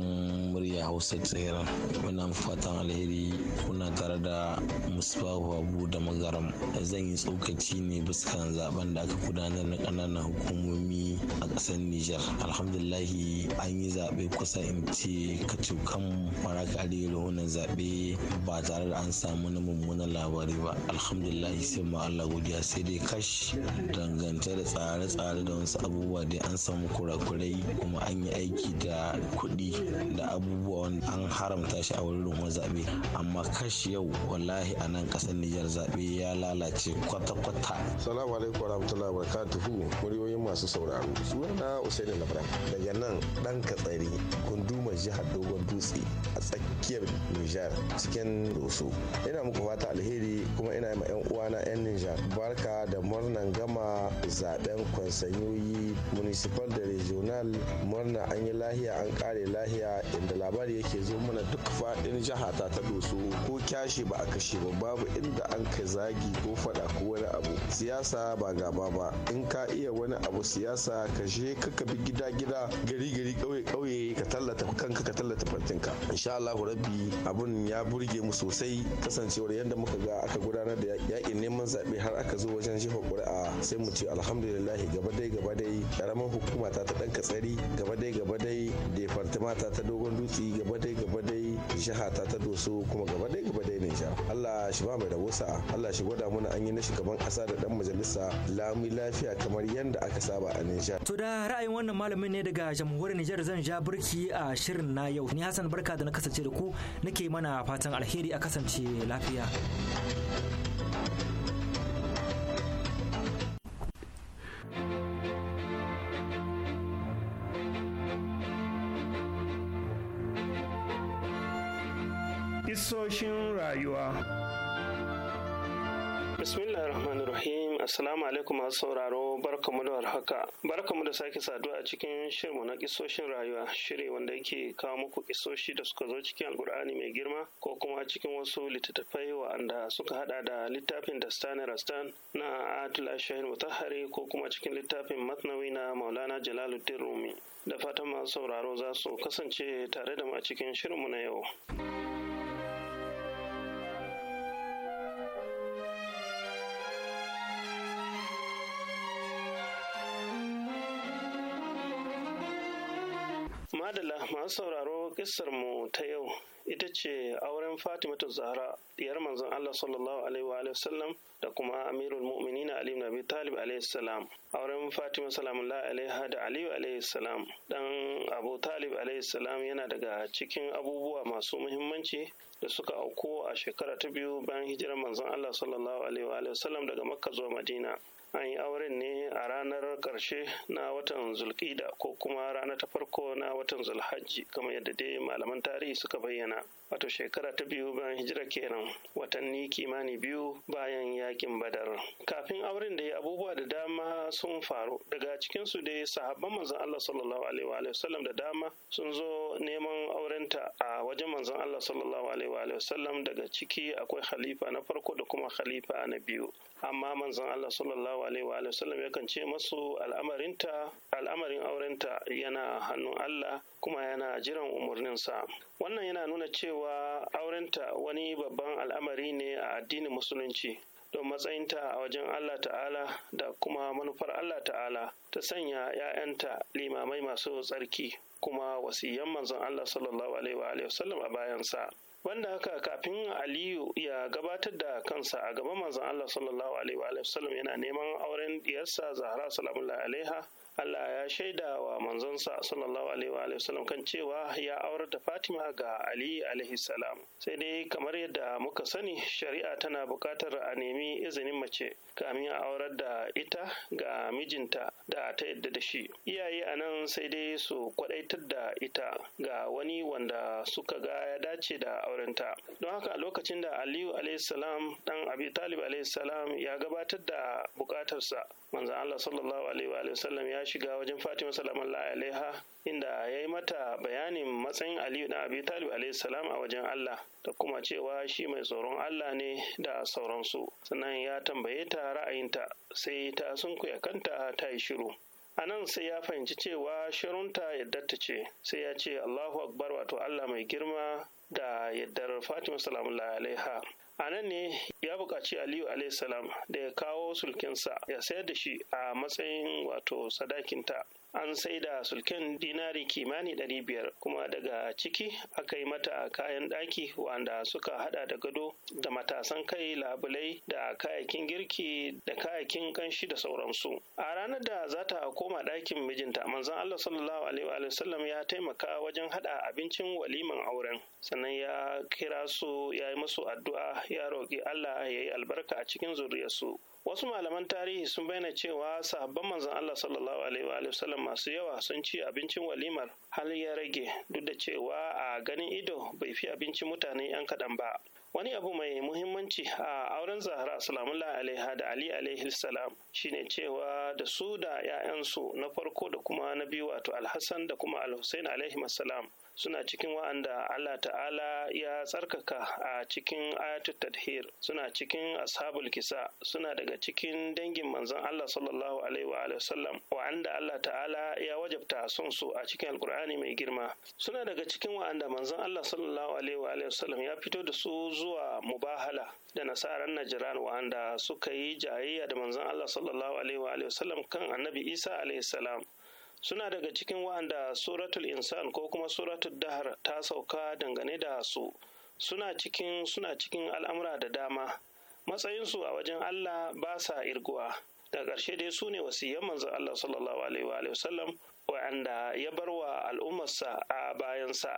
murya hausa tseren muna fatan alheri kuna tare da musbahu abu da magaram zan yi tsokaci ne biskan zaben da aka gudanar na kananan hukumomi a ƙasar nijar alhamdulahi an yi zaɓe kusa in ce kacokan mara kare wannan zaɓe ba tare da an samu na mummunan labari ba alhamdulahi sai ma allah godiya sai dai kash dangance da tsare-tsare da wasu abubuwa dai an samu kurakurai kuma an yi aiki da kuɗi da abubuwan an haramta shi a wurin zaɓe amma kashi yau wallahi a nan ƙasar nijar zaɓe ya lalace kwata-kwata. salamu alaikum warahmatullahi wabarakatuhu muryoyin masu sauraro suna usaini labran daga nan ɗan katsari gundu wa jihar dogon dutse a tsakiyar nijar cikin doso ina muku fata alheri kuma ina ma yan uwana yan nijar barka da murnan gama zaben kwansanyoyi municipal da regional murna an yi lahiya an kare lahiya inda labari yake zo mana duk faɗin jiha ta ta doso ko kyashi ba a kashe ba babu inda an kai zagi ko faɗa ko wani abu siyasa ba gaba ba in ka iya wani abu siyasa ka je ka bi gida gida gari gari ƙauye ƙauye ka tallata kanka ka tallata ka insha Allah rabbi abun ya burge mu sosai kasancewar yadda muka ga aka gudanar da yakin neman zaɓe har aka zo wajen jefa ƙuri'a sai mu ce alhamdulillah gaba dai gaba dai karamar hukuma ta ta ɗan katsari gaba dai gaba dai departement ta ta dogon dutse gaba dai gaba dai jiha ta ta doso kuma gaba dai gaba dai nisha Allah shi ba mai rabo sa'a Allah shi gwada mana an yi na shugaban kasa da dan majalisa lami lafiya kamar yadda aka saba a Nijar to da ra'ayin wannan malamin ne daga jamhuriyar Nijar zan ja birki a shirin na yau ni Hassan barka da na kasance da ku nake mana fatan alheri a kasance lafiya Kisoshin rayuwa. Bismillah ar-Rahman rahim Assalamu alaikum masu sauraro barkamu da warhaka. Barkamu da sake saduwa a cikin shirmu na kisoshin rayuwa, shiri wanda yake kawo muku kisoshi da suka zo cikin Alkur'ani mai girma ko kuma cikin wasu littattafai wa'anda suka haɗa da littafin Dastani Rastan na Atul ashahin Mutahari ko kuma cikin littafin Matnawi na Maulana Jalaluddin Rumi. Da fatan masu sauraro za su kasance tare da mu a cikin shirinmu na yau. masu sauraro kisar mu ta yau ita ce auren fatimatu zahra diyar manzon allah sallallahu alaihi wa sallam da kuma amirul mu'minin ali ibn abi talib alaihi salam auren fatima salamullah alaiha da aliyu alaihi salam dan abu talib alaihi salam yana daga cikin abubuwa masu muhimmanci da suka auku a shekara ta biyu bayan hijirar manzon allah sallallahu alaihi wa sallam daga makka zuwa madina an yi auren ne a ranar ƙarshe na watan zulƙida ko kuma rana ta farko na watan zulhajji kamar yadda dai malaman tarihi suka bayyana wato shekara ta biyu bayan hijira kenan watanni kimani biyu bayan yakin badar kafin auren da ya abubuwa da dama sun faru daga cikinsu dai sahabban manzon Allah sallallahu alaihi wa sallam da dama sun zo neman aurenta a wajen manzon Allah sallallahu alaihi wa sallam daga ciki akwai khalifa na farko da kuma khalifa na biyu amma manzon Allah sallallahu alaihi wa sallam yakan ce masu al'amarinta al'amarin aurenta yana hannun Allah kuma yana jiran sa wannan yana nuna cewa aurenta wani babban al'amari ne a addinin musulunci don matsayinta a wajen Allah ta'ala da kuma manufar Allah ta'ala ta sanya 'ya'yanta limamai masu tsarki kuma wasiyan manzon Allah sallallahu alaihi wasallam a bayansa wanda haka kafin aliyu ya gabatar da kansa a gaban manzon Allah sallallahu alaihi wa wasallam yana neman auren diyarsa zahra sallallahu alaiha Allah ya shaida wa manzonsa sallallahu alaihi wa sallam kan cewa ya aurar da Fatima ga Ali alaihi salam. Sai dai kamar yadda muka sani shari'a tana buƙatar a nemi izinin mace kamin a aurar da ita ga mijinta da ta yadda da shi. Iyaye a nan sai dai su kwadaitar da ita ga wani wanda suka ga ya dace da aurenta. Don haka a lokacin da Aliyu alaihi salam dan Abi Talib alaihi salam ya gabatar da buƙatarsa manzon Allah sallallahu alaihi wa sallam ya ya shiga wajen Fatima sallallahu alaiha inda ya yi mata bayanin matsayin Aliyu na Abi Talib alaihi a wajen Allah da kuma cewa shi mai tsoron Allah ne da sauransu. Sannan ya tambaye ta ra'ayinta sai ta kuya kanta ta yi shiru. A nan sai ya fahimci cewa shirunta yadda ta ce, sai ya ce Allahu Akbar wato Allah mai girma da yaddar Fatima salamullahi alaiha a nan ne ya buƙaci aliyu salam da ya kawo sulkinsa ya sayar da shi a matsayin wato sadakinta an sai da sulken dinari kimani 500 kuma daga ciki aka yi mata kayan ɗaki wanda suka hada da gado da matasan kai labulai da kayakin girki da kayakin kanshi da sauransu a ranar da za ta koma ɗakin mijinta manzon Allah sallallahu alaihi wa sallam ya taimaka wajen hada abincin waliman auren sannan ya kira su ya yi musu addu'a ya roƙi Allah ya yi albarka a cikin zuriyarsu wasu malaman tarihi sun bayyana cewa sahabban manzon Allah sallallahu alaihi wa sallam masu yawa sun ci abincin walimar har ya rage duk da cewa a ganin ido bai fi abincin mutane yan kaɗan ba wani abu mai muhimmanci a auren zahra salamullah alaiha da ali alaihi salam shine cewa da su da 'ya'yansu na farko da kuma na biyu wato alhassan da kuma alhussein alaihi salam suna cikin wa'anda Allah ta'ala ya tsarkaka a cikin ayatul tadhir suna cikin ashabul kisa suna daga cikin dangin manzon Allah sallallahu alaihi wa alihi wasallam wa'anda Allah ta'ala ya wajabta son su a cikin alqur'ani mai girma suna daga cikin wa'anda manzon Allah sallallahu alaihi wa alihi wasallam ya fito da su zuwa mubahala da nasaran najran wa'anda suka yi jayayya da manzon Allah sallallahu alaihi wa alihi wasallam kan annabi Isa alaihi salam suna daga cikin wa'anda suratul insan ko kuma suratul dahar ta sauka dangane da su suna cikin suna cikin al'amura da dama matsayinsu a wajen allah ba sa irguwa da ƙarshe dai su ne wasiyan manzon allah sallallahu alaihi wa sallam wa'anda ya bar wa al'ummarsa a bayansa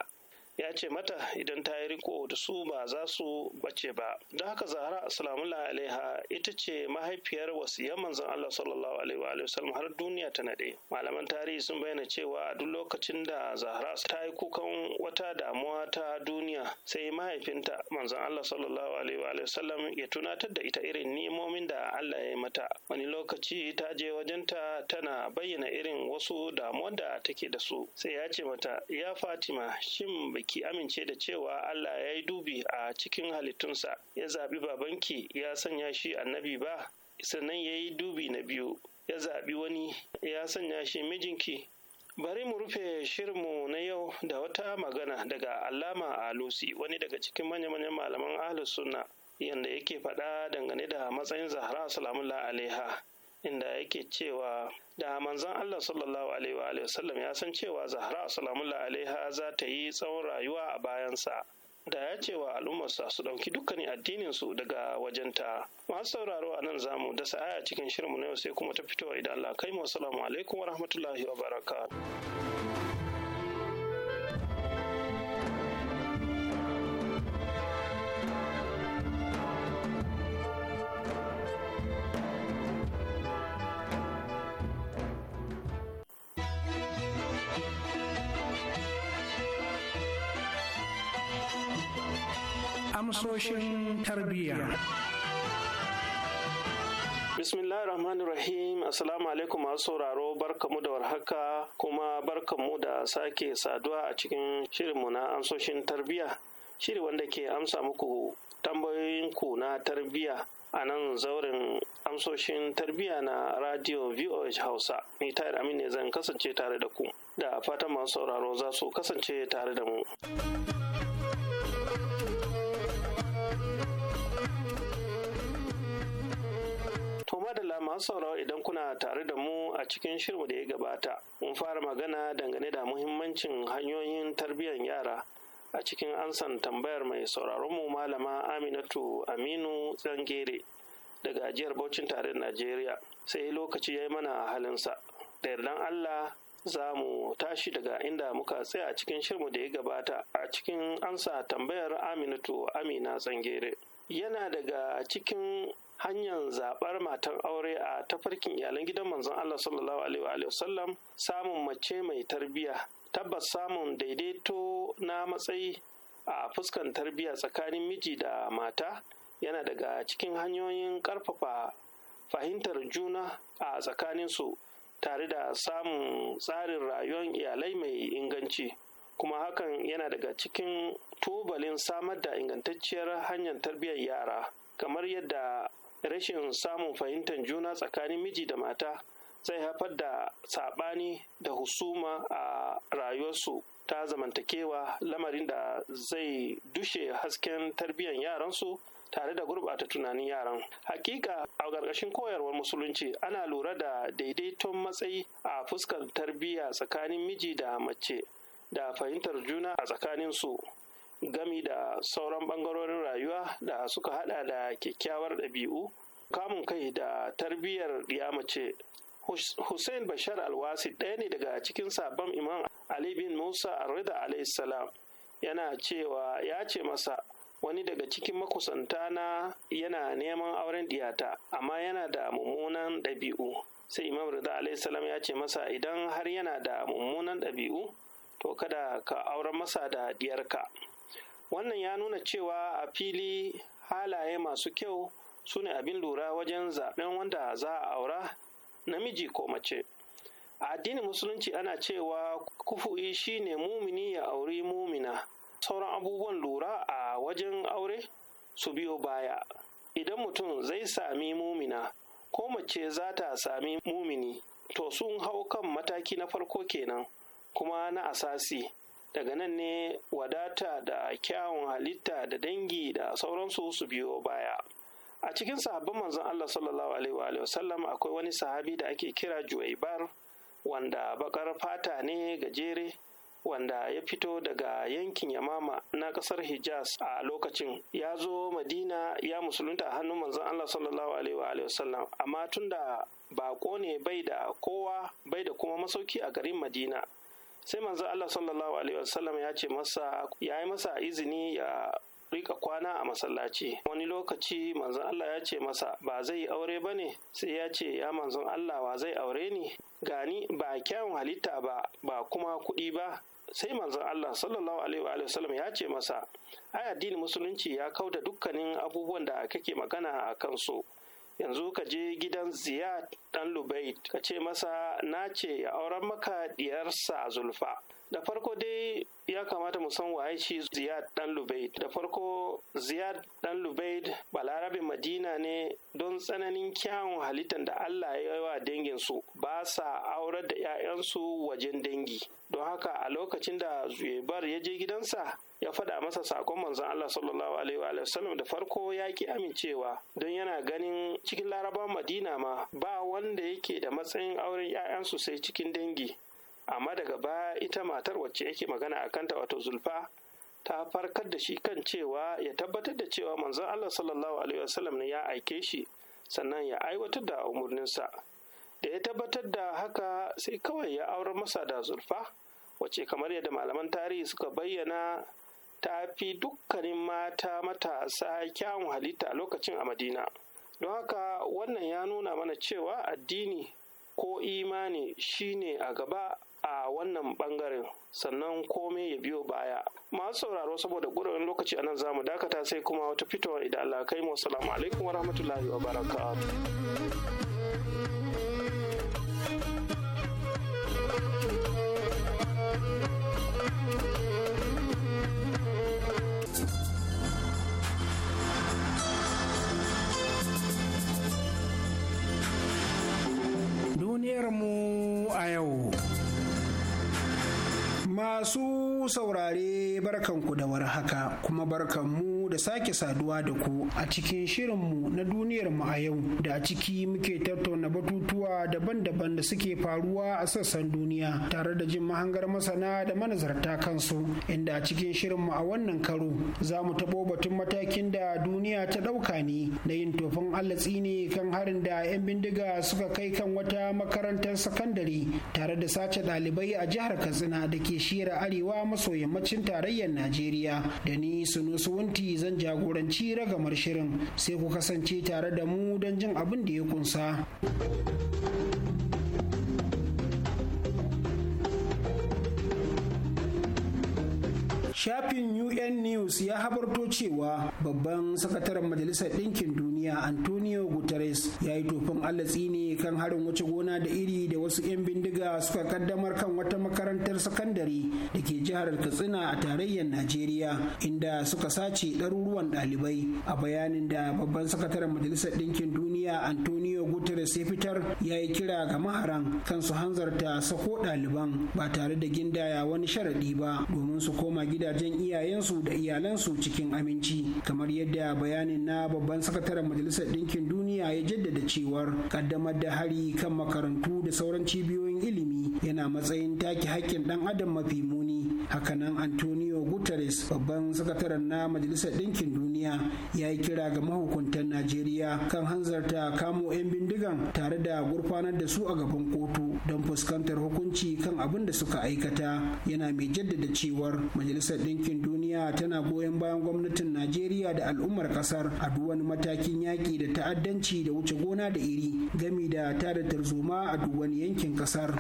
ya ce mata idan ta yi riko da su ba za su bace ba don haka zahara salamullah alaiha ita ce mahaifiyar wasiyar manzon Allah sallallahu alaihi wa sallam har duniya ta nade malaman tarihi sun bayyana cewa a duk lokacin da zahara ta yi kukan wata damuwa ta duniya sai mahaifinta manzon Allah sallallahu alaihi wa sallam ya tunatar da ita irin nimomin da Allah ya yi mata wani lokaci ta je wajenta tana bayyana irin wasu damuwar da take da su sai ya ce mata ya Fatima shin ki amince da cewa Allah ya yi dubi a cikin halittunsa ya zaɓi babanki ya sanya shi annabi ba sannan ya yi dubi na biyu ya zaɓi wani ya sanya shi mijinki bari mu rufe shirinmu na yau da wata magana daga allama alusi wani daga cikin manya-manyan malaman ahlus sunna yadda yake faɗa dangane da matsayin zahra salamullah alaiha inda yake cewa da manzon Allah sallallahu alaihi wa wasallam ya san cewa Zahra salamullah alaiha za ta yi tsawon rayuwa a bayansa da ya ce wa al'ummarsa su ɗauki dukkanin su daga wajenta masu sauraro a nan zamu da sa'a cikin shirinmu na yau sai kuma ta fitowa idan Allah kai mu assalamu alaikum wa rahmatullahi amsoshin tarbiyya. Bismillahir Rahmanir Rahim Assalamu alaikum masu sauraro barkamu da warhaka kuma barkamu da sake saduwa a cikin shirinmu na amsoshin tarbiyya shiri wanda ke amsa muku tambayoyin ku na tarbiyya a nan zauren amsoshin tarbiyya na radio VOH Hausa. Ni tayar amin ne zan kasance tare da ku da fatan masu sauraro za su kasance tare da mu. Allah masu sauraro idan kuna tare da mu a cikin shirmu da ya gabata mun fara magana dangane da muhimmancin hanyoyin tarbiyyar yara a cikin ansan tambayar mai sauraron mu malama aminatu aminu tsangere daga ajiyar tare da najeriya sai lokaci ya yi mana halinsa da yardan allah za mu tashi daga inda muka tsaya a cikin shirmu da ya gabata a cikin ansa tambayar aminatu amina tsangere yana daga cikin hanyar zaɓar matan aure a tafarkin iyalan gidan manzon Allah sallallahu alaihi wa samun mace mai tarbiyya tabbas samun daidaito na matsayi a fuskan tarbiyya tsakanin miji da mata yana daga cikin hanyoyin ƙarfafa fahimtar juna a tsakanin su tare da samun tsarin rayuwar iyalai mai inganci kuma hakan yana daga cikin tubalin samar da ingantacciyar hanyar tarbiyyar yara kamar yadda rashin samun fahimtar juna tsakanin miji da mata zai haifar da saɓani da husuma a rayuwarsu ta zamantakewa lamarin da zai dushe hasken tarbiyyar yaransu tare da gurɓata tunanin yaran. Hakika a ƙarƙashin koyarwar musulunci ana lura da daidaiton matsayi a fuskar tarbiyya tsakanin miji da mace da fahimtar juna a tsakaninsu gami da sauran bangarorin rayuwa da suka hada da kyakkyawar ɗabi'u kamun kai da tarbiyyar mace hussein bashar alwasi ɗaya ne daga cikin sabon imam ali bin musa arida alaihissalam yana cewa ya ce masa wani daga cikin makusanta na yana neman auren diyata amma yana da mummunan ɗabi'u sai imam rida alaihissalam ya ce masa idan har yana da mummunan ɗabi'u to kada ka auren masa da diyarka wannan ya nuna cewa a fili halaye masu kyau su ne abin lura wajen zaɓen wanda za a aura namiji ko mace a addinin musulunci ana cewa kufu'i shine mumini ya auri mumina sauran abubuwan lura a wajen aure su biyo baya idan mutum zai sami mumina ko mace za ta sami mumini to sun hau kan mataki na farko kenan kuma na asasi daga nan ne wadata da kyawun halitta da dangi da sauransu su biyo baya a cikin sahabban manzon Allah sallallahu alaihi wa sallam akwai wani sahabi da ake kira Juwaibar wanda bakar fata ne gajere wanda ya fito daga yankin Yamama na kasar Hijaz a lokacin ya zo Madina ya musulunta a hannun manzon Allah sallallahu alaihi wa sallam amma tunda bako ne bai da kowa bai da kuma masauki a garin Madina sai manzo Allah sallallahu alaihi wasallam ya ce masa ya yi masa izini ya rika kwana a masallaci wani lokaci manzon Allah ya ce masa ba zai yi aure ba ne sai ya ce ya manzon Allah wa zai aure ni gani ba kyawun halitta ba ba kuma kuɗi ba sai manzon Allah sallallahu alaihi wa sallam ya ce masa ai addinin musulunci ya kauda dukkanin abubuwan da kake magana a kansu yanzu ka je gidan ziyad dan lubait ka ce masa na ce ya auren maka diyarsa zulfa da farko dai ya kamata mu san waye shi ziyad dan lubaid da farko ziyad dan lubaid balarabe madina ne don tsananin kyawun halittar da allah ya yi wa danginsu ba sa aurar da 'ya'yansu wajen dangi don haka a lokacin da zuwebar ya je gidansa ya faɗa masa sakon manzon Allah sallallahu alaihi wa sallam da farko ya ki amincewa don yana ganin cikin laraba Madina ma ba wanda yake da matsayin auren 'ya'yansu sai cikin dangi amma daga baya ita matar wacce yake magana a kanta wato zulfa ta farkar da shi kan cewa ya tabbatar da cewa manzon Allah sallallahu alaihi sallam ne ya aike shi sannan ya aiwatar da umarninsa da ya tabbatar da haka sai kawai ya aurar masa da zulfa Wace kamar yadda malaman tarihi suka bayyana ta fi dukkanin mata matasa kyawun halitta a lokacin a madina don haka wannan ya nuna mana cewa addini ko imani shine a gaba a wannan bangaren sannan komai ya biyo baya masu sauraro saboda gurin lokaci anan zamu dakata sai kuma wata fitowa idan Allah kai mu assalamu alaikum warahmatullahi wa thank masu saurare barkanku da haka, kuma barkanmu da sake saduwa da ku a cikin shirinmu na duniyar mu a yau da a ciki muke tattauna batutuwa daban-daban da suke faruwa a sassan duniya tare da jin mahangar masana da manazarta kansu inda a cikin shirinmu a wannan karo za mu taɓo batun matakin da duniya ta ɗauka ne na yin tofin Allah tsini kan harin da 'yan bindiga suka kai kan wata makarantar sakandare tare da sace ɗalibai a jihar katsina da ke shira arewa maso yammacin tarayyar najeriya da ni sunusu wunti zan jagoranci ragamar shirin sai ku kasance tare da mu don jin abin da ya kunsa. shafin un news ya habarto cewa babban sakataren majalisar ɗinkin duniya antonio guterres ya yi tofin allatsi ne kan harin wuce gona da iri da wasu 'yan bindiga suka kaddamar kan wata makarantar sakandare da ke jihar katsina a tarayyar najeriya inda suka sace ɗaruruwan ɗalibai a bayanin da babban sakataren majalisar ɗinkin duniya antonio guterres ya fitar ya yi kira ga maharan kan su hanzarta sako ɗaliban ba tare da gindaya wani sharaɗi ba domin su koma gida gidajen iyayensu da iyalansu cikin aminci kamar yadda bayanin na babban sakataren majalisar ɗinkin duniya ya jaddada cewar kaddamar da hari kan makarantu da sauran cibiyoyin ilimi yana matsayin taki haƙƙin ɗan adam mafi muni hakanan antonio guterres babban sakataren na majalisar ɗinkin duniya ya yi kira ga mahukuntan najeriya kan hanzarta kamo 'yan bindigan tare da gurfanar da su a gaban kotu don fuskantar hukunci kan abin da suka aikata yana mai jaddada cewar majalisar ɗinkin duniya tana goyon bayan gwamnatin najeriya da al'ummar ƙasar a duk wani matakin yaƙi da ta'addanci da wuce gona da iri gami da tada tarzoma a duk wani yankin ƙasar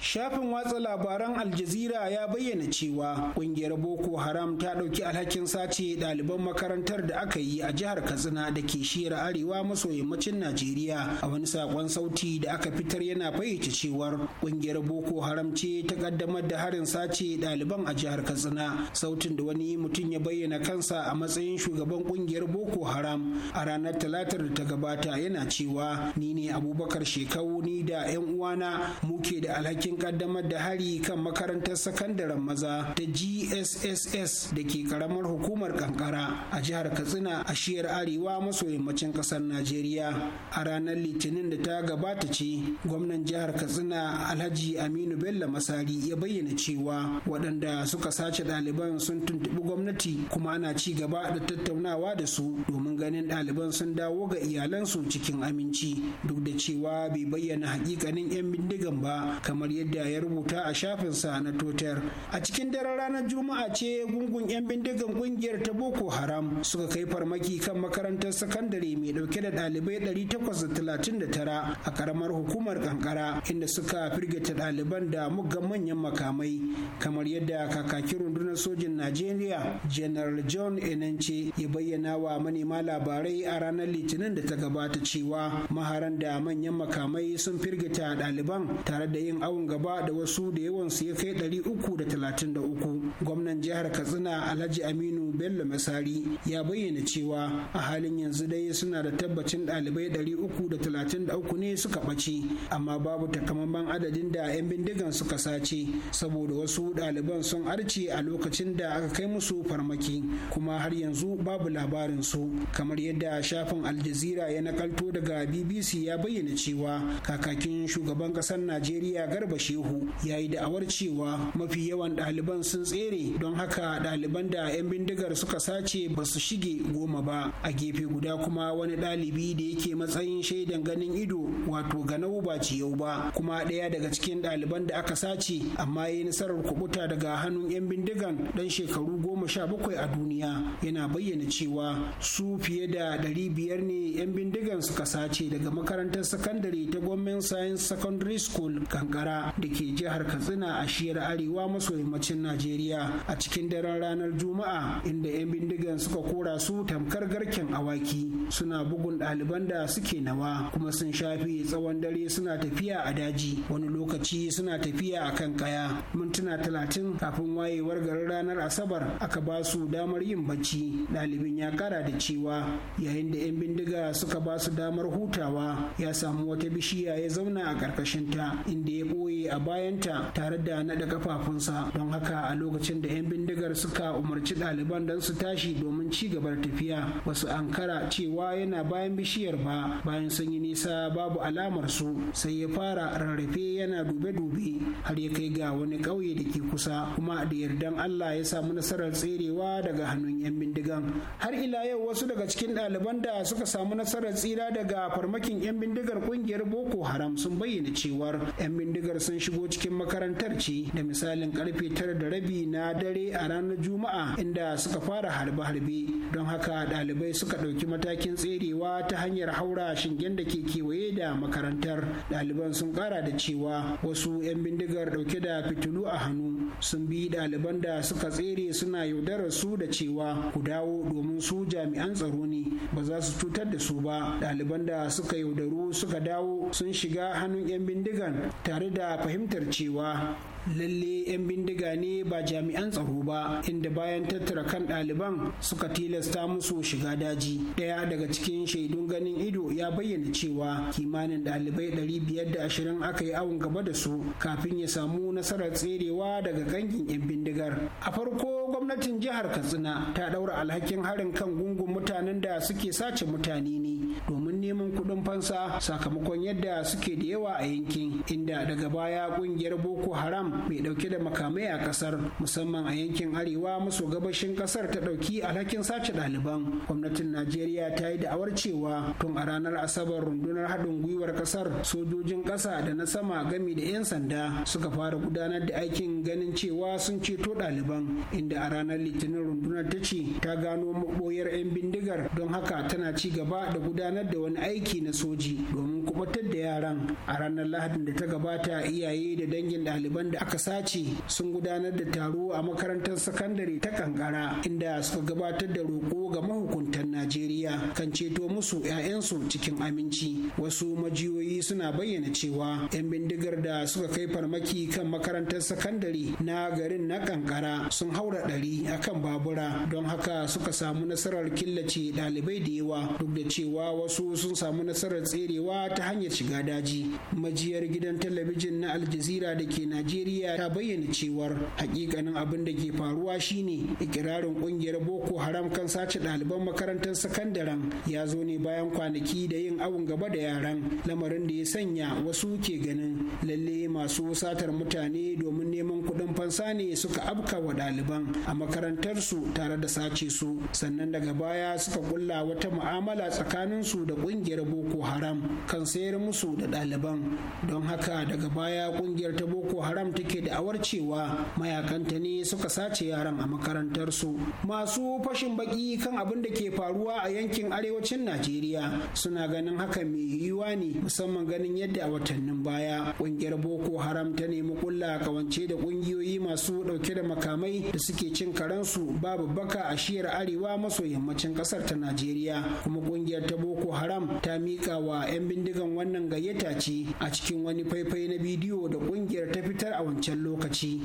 Shafin watsa labaran Aljazira ya bayyana cewa ƙungiyar Boko Haram ta ɗauki alhakin sace ɗaliban makarantar da aka yi a jihar Katsina da ke shiyar arewa maso yammacin Najeriya a wani saƙon sauti da aka fitar yana fayyace cewar kungiyar Boko Haram ce ta ƙaddamar da harin sace ɗaliban a jihar Katsina sautin da wani mutum ya bayyana kansa a matsayin shugaban ƙungiyar Boko Haram a ranar talatar da ta gabata yana cewa ni ne Abubakar Shekau ni da 'yan uwana mu ke da alhakin cikin kaddamar da hari kan makarantar sakandaren maza ta GSSS da ke karamar hukumar kankara a jihar Katsina a shiyar arewa maso yammacin kasar Najeriya a ranar Litinin da ta gabata ce gwamnan jihar Katsina Alhaji Aminu Bello Masari ya bayyana cewa waɗanda suka sace ɗaliban sun tuntuɓi gwamnati kuma ana ci gaba da tattaunawa da su domin ganin ɗaliban sun dawo ga iyalansu cikin aminci duk da cewa bai bayyana hakikanin 'yan bindigan ba kamar yadda ya rubuta a shafinsa na twitter a cikin daren ranar juma'a ce gungun 'yan bindigan kungiyar ta boko haram suka kai farmaki kan makarantar sakandare mai dauke da ɗalibai tara. a karamar hukumar kankara inda suka firgita ɗaliban da muggan manyan makamai kamar yadda kakakin rundunar sojin najeriya general john enenche ya bayyana wa manema labarai a ranar litinin da ta gabata cewa maharan da manyan makamai sun firgita ɗaliban tare da yin awon gaba da wasu da yawansu ya kai 333 gwamnan jihar katsina alhaji aminu bello masari ya bayyana cewa a halin yanzu dai suna da tabbacin ɗalibai 333 ne suka ɓace amma babu takamaiman adadin da 'yan bindigan suka sace saboda wasu ɗaliban sun arce a lokacin da aka kai musu farmaki kuma har yanzu babu labarin su kamar yadda shafin aljazira ya nakalto daga bbc ya bayyana cewa kakakin shugaban ƙasar najeriya garba shehu ya yi da'awar cewa mafi yawan ɗaliban sun tsere don haka ɗaliban da 'yan bindigan bindigar suka sace ba su shige goma ba a gefe guda kuma wani ɗalibi da yake matsayin shaidan ganin ido wato ganau ba yau ba kuma ɗaya daga cikin ɗaliban da aka sace amma ya yi nasarar kubuta daga hannun 'yan bindigan ɗan shekaru goma sha bakwai a duniya yana bayyana cewa su fiye da ɗari biyar ne 'yan bindigan suka sace daga makarantar sakandare ta gwamnan science secondary school kankara da ke jihar katsina a shiyar arewa maso yammacin najeriya a cikin daren ranar juma'a inda 'yan bindigan suka kora su tamkar garken awaki suna bugun ɗaliban da suke nawa kuma sun shafe tsawon dare suna tafiya a daji wani lokaci suna tafiya a kan kaya mintuna talatin kafin wayewar garin ranar asabar aka ba su damar yin bacci ɗalibin ya kara da cewa yayin da 'yan bindiga suka ba su damar hutawa ya samu wata bishiya ya zauna a ƙarƙashinta inda ya ɓoye a bayanta tare da naɗa kafafunsa don haka a lokacin da 'yan bindigar suka umarci ɗaliban ɗaliban don su tashi domin ci gabar tafiya Wasu su ankara cewa yana bayan bishiyar ba bayan sun yi nisa babu alamar su sai ya fara rarrafe yana dube-dube har ya kai ga wani ƙauye da ke kusa kuma da yardan Allah ya samu nasarar tserewa daga hannun 'yan bindigan har ila yau wasu daga cikin ɗaliban da suka samu nasarar tsira daga farmakin 'yan bindigar kungiyar boko haram sun bayyana cewar 'yan bindigar sun shigo cikin makarantar ce da misalin karfe tara da rabi na dare a ranar juma'a inda suka fara harbe-harbe don haka ɗalibai suka ɗauki matakin tserewa ta hanyar haura shingen da ke kewaye da makarantar ɗaliban sun ƙara da cewa wasu 'yan bindigar ɗauke da fitilu a hannu sun bi ɗaliban da suka tsere suna yaudarar su da cewa ku dawo domin su jami'an tsaro ne ba za su cutar da su ba ɗaliban da suka yaudaru suka dawo sun shiga hannun 'yan bindigan tare da fahimtar cewa lalle 'yan bindiga ne ba jami'an tsaro ba inda bayan tattara kan ɗaliban suka tilasta musu shiga daji ɗaya daga cikin shaidun ganin ido ya bayyana cewa kimanin ɗalibai biyar da ashirin aka yi awon gaba da su kafin ya samu nasarar tserewa daga gangin 'yan bindigar a farko gwamnatin jihar katsina ta ɗaura alhakin harin kan gungun mutanen da suke sace mutane ne domin don neman kuɗin fansa sakamakon yadda suke da yawa a yankin inda daga baya ƙungiyar boko haram mai ɗauke da makamai a ƙasar musamman a yankin arewa maso gabashin ƙasar ta ɗauki alhakin sace ɗaliban gwamnatin najeriya ta yi da'awar cewa tun a ranar asabar rundunar haɗin gwiwar ƙasar sojojin ƙasa da na sama gami da 'yan sanda suka fara gudanar da aikin ganin cewa sun ceto ɗaliban inda a ranar litinin rundunar ta ce ta gano maɓoyar 'yan bindigar don haka tana ci gaba da gudanar da wani aiki na soji domin kubatar da yaran a ranar lahadin da ta gabata iyaye da dangin ɗaliban da aka sace sun gudanar da taro a makarantar sakandare ta kankara inda suka gabatar da roƙo ga mahukuntan najeriya kan ceto musu 'ya'yansu cikin aminci wasu majiyoyi suna bayyana cewa 'yan bindigar da suka kai farmaki kan makarantar sakandare na garin na kankara sun haura ɗari akan babura don haka suka samu nasarar killace ɗalibai da yawa duk da cewa wasu sun samu nasarar tserewa ta hanyar shiga daji majiyar gidan talabijin na aljazira da ke najeriya ta bayyana cewar hakikanin abin da ke faruwa shine ikirarin kungiyar boko haram kan sace ɗaliban makarantar sakandaren ya zo ne bayan kwanaki da yin awon gaba da yaran lamarin da ya sanya wasu ke ganin lalle masu satar mutane domin neman kuɗin fansa ne suka afka wa ɗaliban a makarantar su tare da sace su sannan daga baya suka kulla wata mu'amala tsakaninsu da kungiyar boko haram kan sayar musu da ɗaliban don haka daga baya kungiyar ta boko haram take awar cewa mayakanta ne suka sace yaran a makarantar su masu fashin baki kan abin da ke faruwa a yankin arewacin najeriya suna ganin haka mai yiwuwa ne musamman ganin yadda a watannin baya kungiyar boko haram ta nemi kulla kawance da kungiyoyi masu dauke da makamai da suke cin karansu babu baka a shiyar arewa maso yammacin kasar ta najeriya kuma kungiyar ta boko haram Ram ta mika wa 'yan bindigan wannan gayyata ce a cikin wani faifai na bidiyo da kungiyar ta fitar a wancan lokaci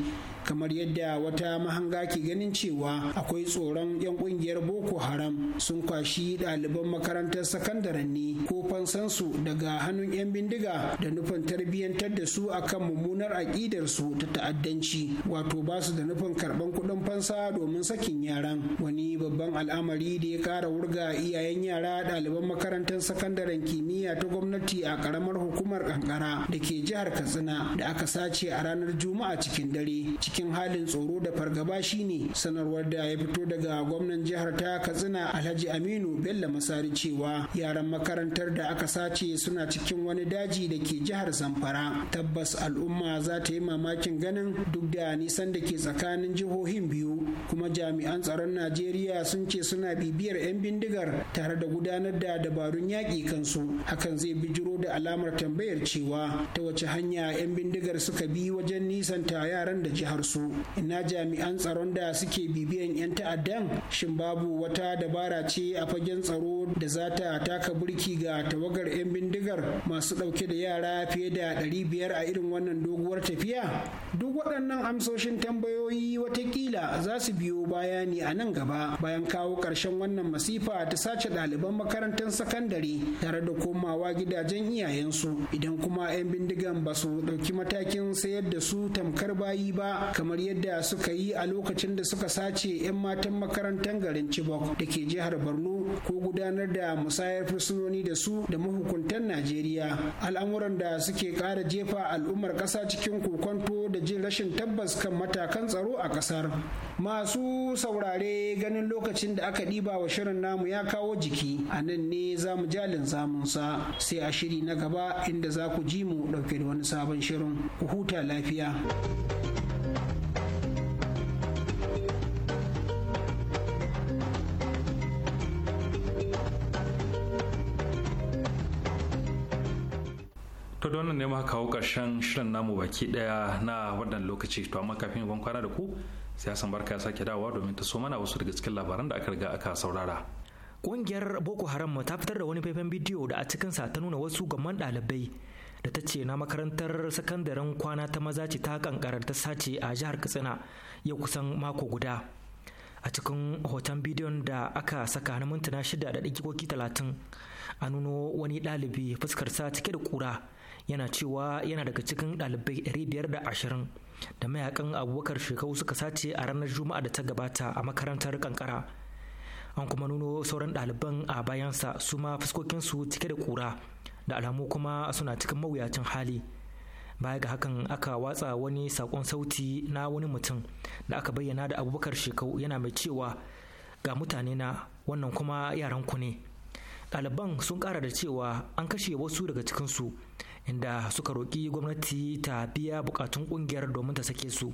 kamar yadda wata mahanga ke ganin cewa akwai tsoron 'yan kungiyar Boko Haram sun kwashi ɗaliban makarantar sakandaren ne ko fansansu daga hannun 'yan bindiga da nufin tarbiyyantar da su akan mummunar su ta ta'addanci wato ba su da nufin karɓan kuɗin fansa domin sakin yaran wani babban al'amari da ya ƙara wurga iyayen yara ɗaliban makarantar sakandaren kimiyya ta gwamnati a karamar hukumar kankara da ke jihar katsina da aka sace a ranar juma'a cikin dare cikin halin tsoro da fargaba shine sanarwar da ya fito daga gwamnan jihar ta katsina alhaji aminu bello masari cewa yaran makarantar da aka sace suna cikin wani daji da ke jihar zamfara tabbas al'umma za ta yi mamakin ganin duk da nisan da ke tsakanin jihohin biyu kuma jami'an tsaron najeriya sun ce suna bibiyar 'yan bindigar tare da gudanar da dabarun yaƙi kansu hakan zai bijiro da alamar tambayar cewa ta wace hanya 'yan bindigar suka bi wajen nisanta yaran da jihar su ina jami'an tsaron da suke bibiyan 'yan ta'addan shin babu wata dabara ce a fagen tsaro da za ta taka burki ga tawagar 'yan bindigar masu ɗauke da yara fiye da ɗari biyar a irin wannan doguwar tafiya duk waɗannan amsoshin tambayoyi watakila za su biyo bayani a nan gaba bayan kawo ƙarshen wannan masifa ta sace ɗaliban makarantar sakandare hatsari tare da komawa gidajen iyayensu idan kuma 'yan bindigan ba su ɗauki matakin sayar da su tamkar bayi ba kamar yadda suka yi a lokacin da suka sace 'yan matan makarantar garin Chibok da ke jihar Borno ko gudanar da musayar fursunoni da su da mahukuntan Najeriya al'amuran da suke ƙara jefa al'ummar ƙasa cikin kokonto da jin rashin tabbas kan matakan tsaro a ƙasar masu saurare ganin lokacin da aka ɗiba wa shirin namu ya kawo jiki a nan ne za mu jalin sa sai a shiri na gaba inda za ku ji mu dauke da wani sabon shirin ku huta lafiya. to da wannan ne muka kawo karshen shirin namu baki daya na wannan lokaci to amma kafin ban kwana da ku sai Hassan barka ya sake dawowa domin ta so mana wasu daga cikin labaran da aka riga aka saurara Ƙungiyar Boko Haram ta fitar da wani faifan bidiyo da a cikinsa ta nuna wasu gaman ɗalibai da ta ce na makarantar sakandaren kwana ta maza ce ta kankarar ta sace a jihar katsina ya kusan mako guda a cikin hoton bidiyon da aka saka na mintuna shida da dakikoki talatin a nuno wani ɗalibi fuskarsa cike da kura yana cewa yana daga cikin ɗalibai ɗari biyar da mayakan abubakar shekau suka sace a ranar juma'a da ta gabata a makarantar kankara an kuma nuno sauran ɗaliban a bayansa su ma fuskokinsu cike da ƙura da alamu kuma suna cikin mawuyacin hali baya ga hakan aka watsa wani saƙon sauti na wani mutum da aka bayyana da abubakar shekau yana mai cewa ga mutane na wannan kuma yaran ku ne ɗaliban sun ƙara da cewa an kashe wasu daga cikinsu inda suka roƙi gwamnati ta biya buƙatun ƙungiyar domin ta sake su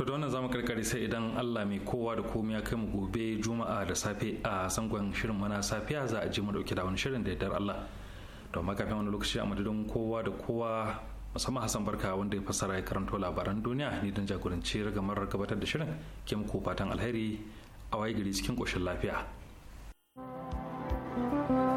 to da wannan zamu karkare sai idan Allah mai kowa da komai ya kai mu gobe juma'a da safe a sangon shirin mana safiya za a ji mu dauke da wani shirin da yardar Allah to amma kafin wani lokaci a madadin kowa da kowa musamman Hassan Barka wanda ya fassara ya karanto labaran duniya ni dan jagoranci ragamar gabatar da shirin ke muku fatan alheri a waye gari cikin koshin lafiya thank